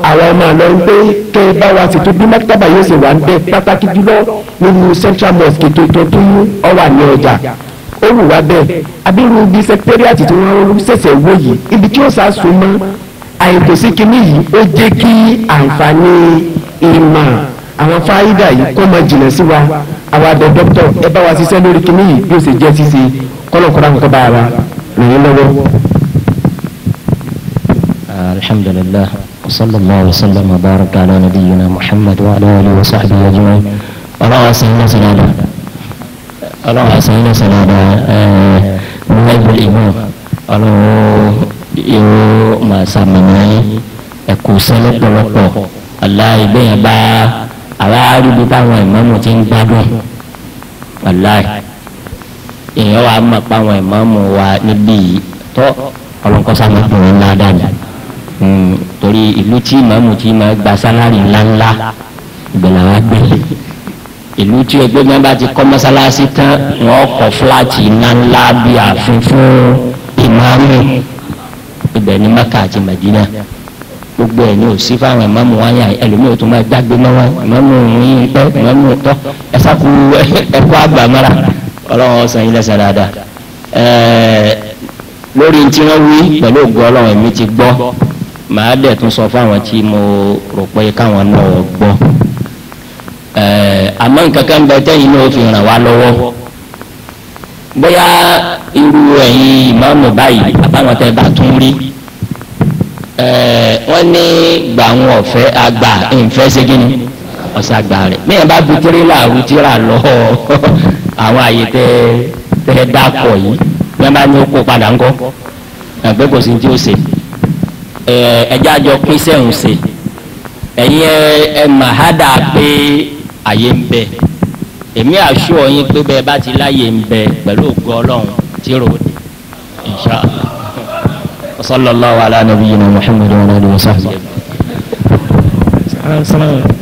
àwọn ọmọ àlọ́ ń pé kẹ́ ẹ bá wa ṣètò bí mọ́tàbà yóò ṣe wà ń bẹ pàtàkì jùlọ nínú central mosque ètò ìtọ́jú ọwà ní ọjà ó wù wá bẹ́ẹ̀ abirùn bíi secretariat tí wọ́n ṣẹ̀ṣẹ̀ wó yìí ibi tí ó sá so mọ́ àìkòsí kínní yìí ó jẹ́ kí àǹfààní ìmọ̀ àwọn fáyidà yìí kó máa jìnà sí wa àwa àdó dókítà ẹ bá wa ṣiṣẹ́ lórí kínní yìí bí ó ṣe jẹ́ ṣíṣe kọ́lọ́kọ́lá kọ́kọ́ bá wa ràn yín lọ́wọ́. الحمد لله وصلى الله وسلم وبارك على نبينا محمد وعلى اله وصحبه اجمعين ọlọ́wọ́ sẹ́yìn náà sẹ́yìn náà ọlọ́wọ́ sẹ́yìn náà sẹ́yìn náà mọ́lẹ́bù ìmọ̀ ọlọ́wọ́ ìwọ màá sàmìnà ẹ̀kọ́ sẹ́lẹ̀ pọ̀lọpọ̀ aláì bẹ́ẹ̀ bá aláàrí bí báwọn ìmọ̀mù ti ń gbádùn aláì èèyàn wa mọ̀ eh, pa àwọn ìmọ̀mù wa níbí tọ́ ọlọ́nkọ́sá mọ̀ pọ̀ ńlá dáadáa. Hmm, torí ìlú tí màmú tí máa gba sálárì ńláńlá ìgbẹ̀lá wa gbẹ̀lẹ̀ ìlú tí ẹgbẹ́ náà bá ti kọ́ mọ́sálásí tán wọ́n kọ́ fúláàtì ńláńlá bí ààfin fún ìmáàmù ibẹ̀ ní maka àti madina gbogbo ẹ̀ ní òsì fáwọn ìmáàmù wáyà ẹlòmíì tó máa dágbé mọ́ wọn ìmáàmù yìí tọ́ ìmáàmù tọ́ ẹ sáku ẹkọ àgbà mọ́ra ọlọ́run ọ̀sán lẹ́sẹ̀ dáadáa lórí ntí wọ́n wí pẹ̀lú ògùn ọlọ́run ẹ̀mí ti gbọ́. màá dẹ̀ tún sọ fáwọn tí mo rò pé káwọn náà gbọ́ àmọ́ nǹkan kan bẹ tẹ́yìn náà fi ràn wá lọ́wọ́ bóyá irú ẹ̀yin ìmáàmù báyìí àbáwọn tẹ́ bá tún rí wọ́n ní gbà ọ̀fẹ́ àgbà ìfẹ́ ṣégin ọ̀sẹ̀ àgbà rẹ̀ bá bu lọ (laughs) àwọn àyè yìí bá ní ó kó padà ńkọ́ àgbẹ̀kọ̀sí tí ó ẹjẹ́ àjọ pín sẹ́hùn sí ẹ̀yin ẹ mà hádà pé àyè ń bẹ èmi àṣù ọ̀yin pé bẹ́ẹ̀ bá ti láyè ń bẹ pẹ̀lú ògùn ọlọ́run tí rò ní inṣàlá. sallallahu ala nabiyyina muhammadin wa alihi wa sahbihi.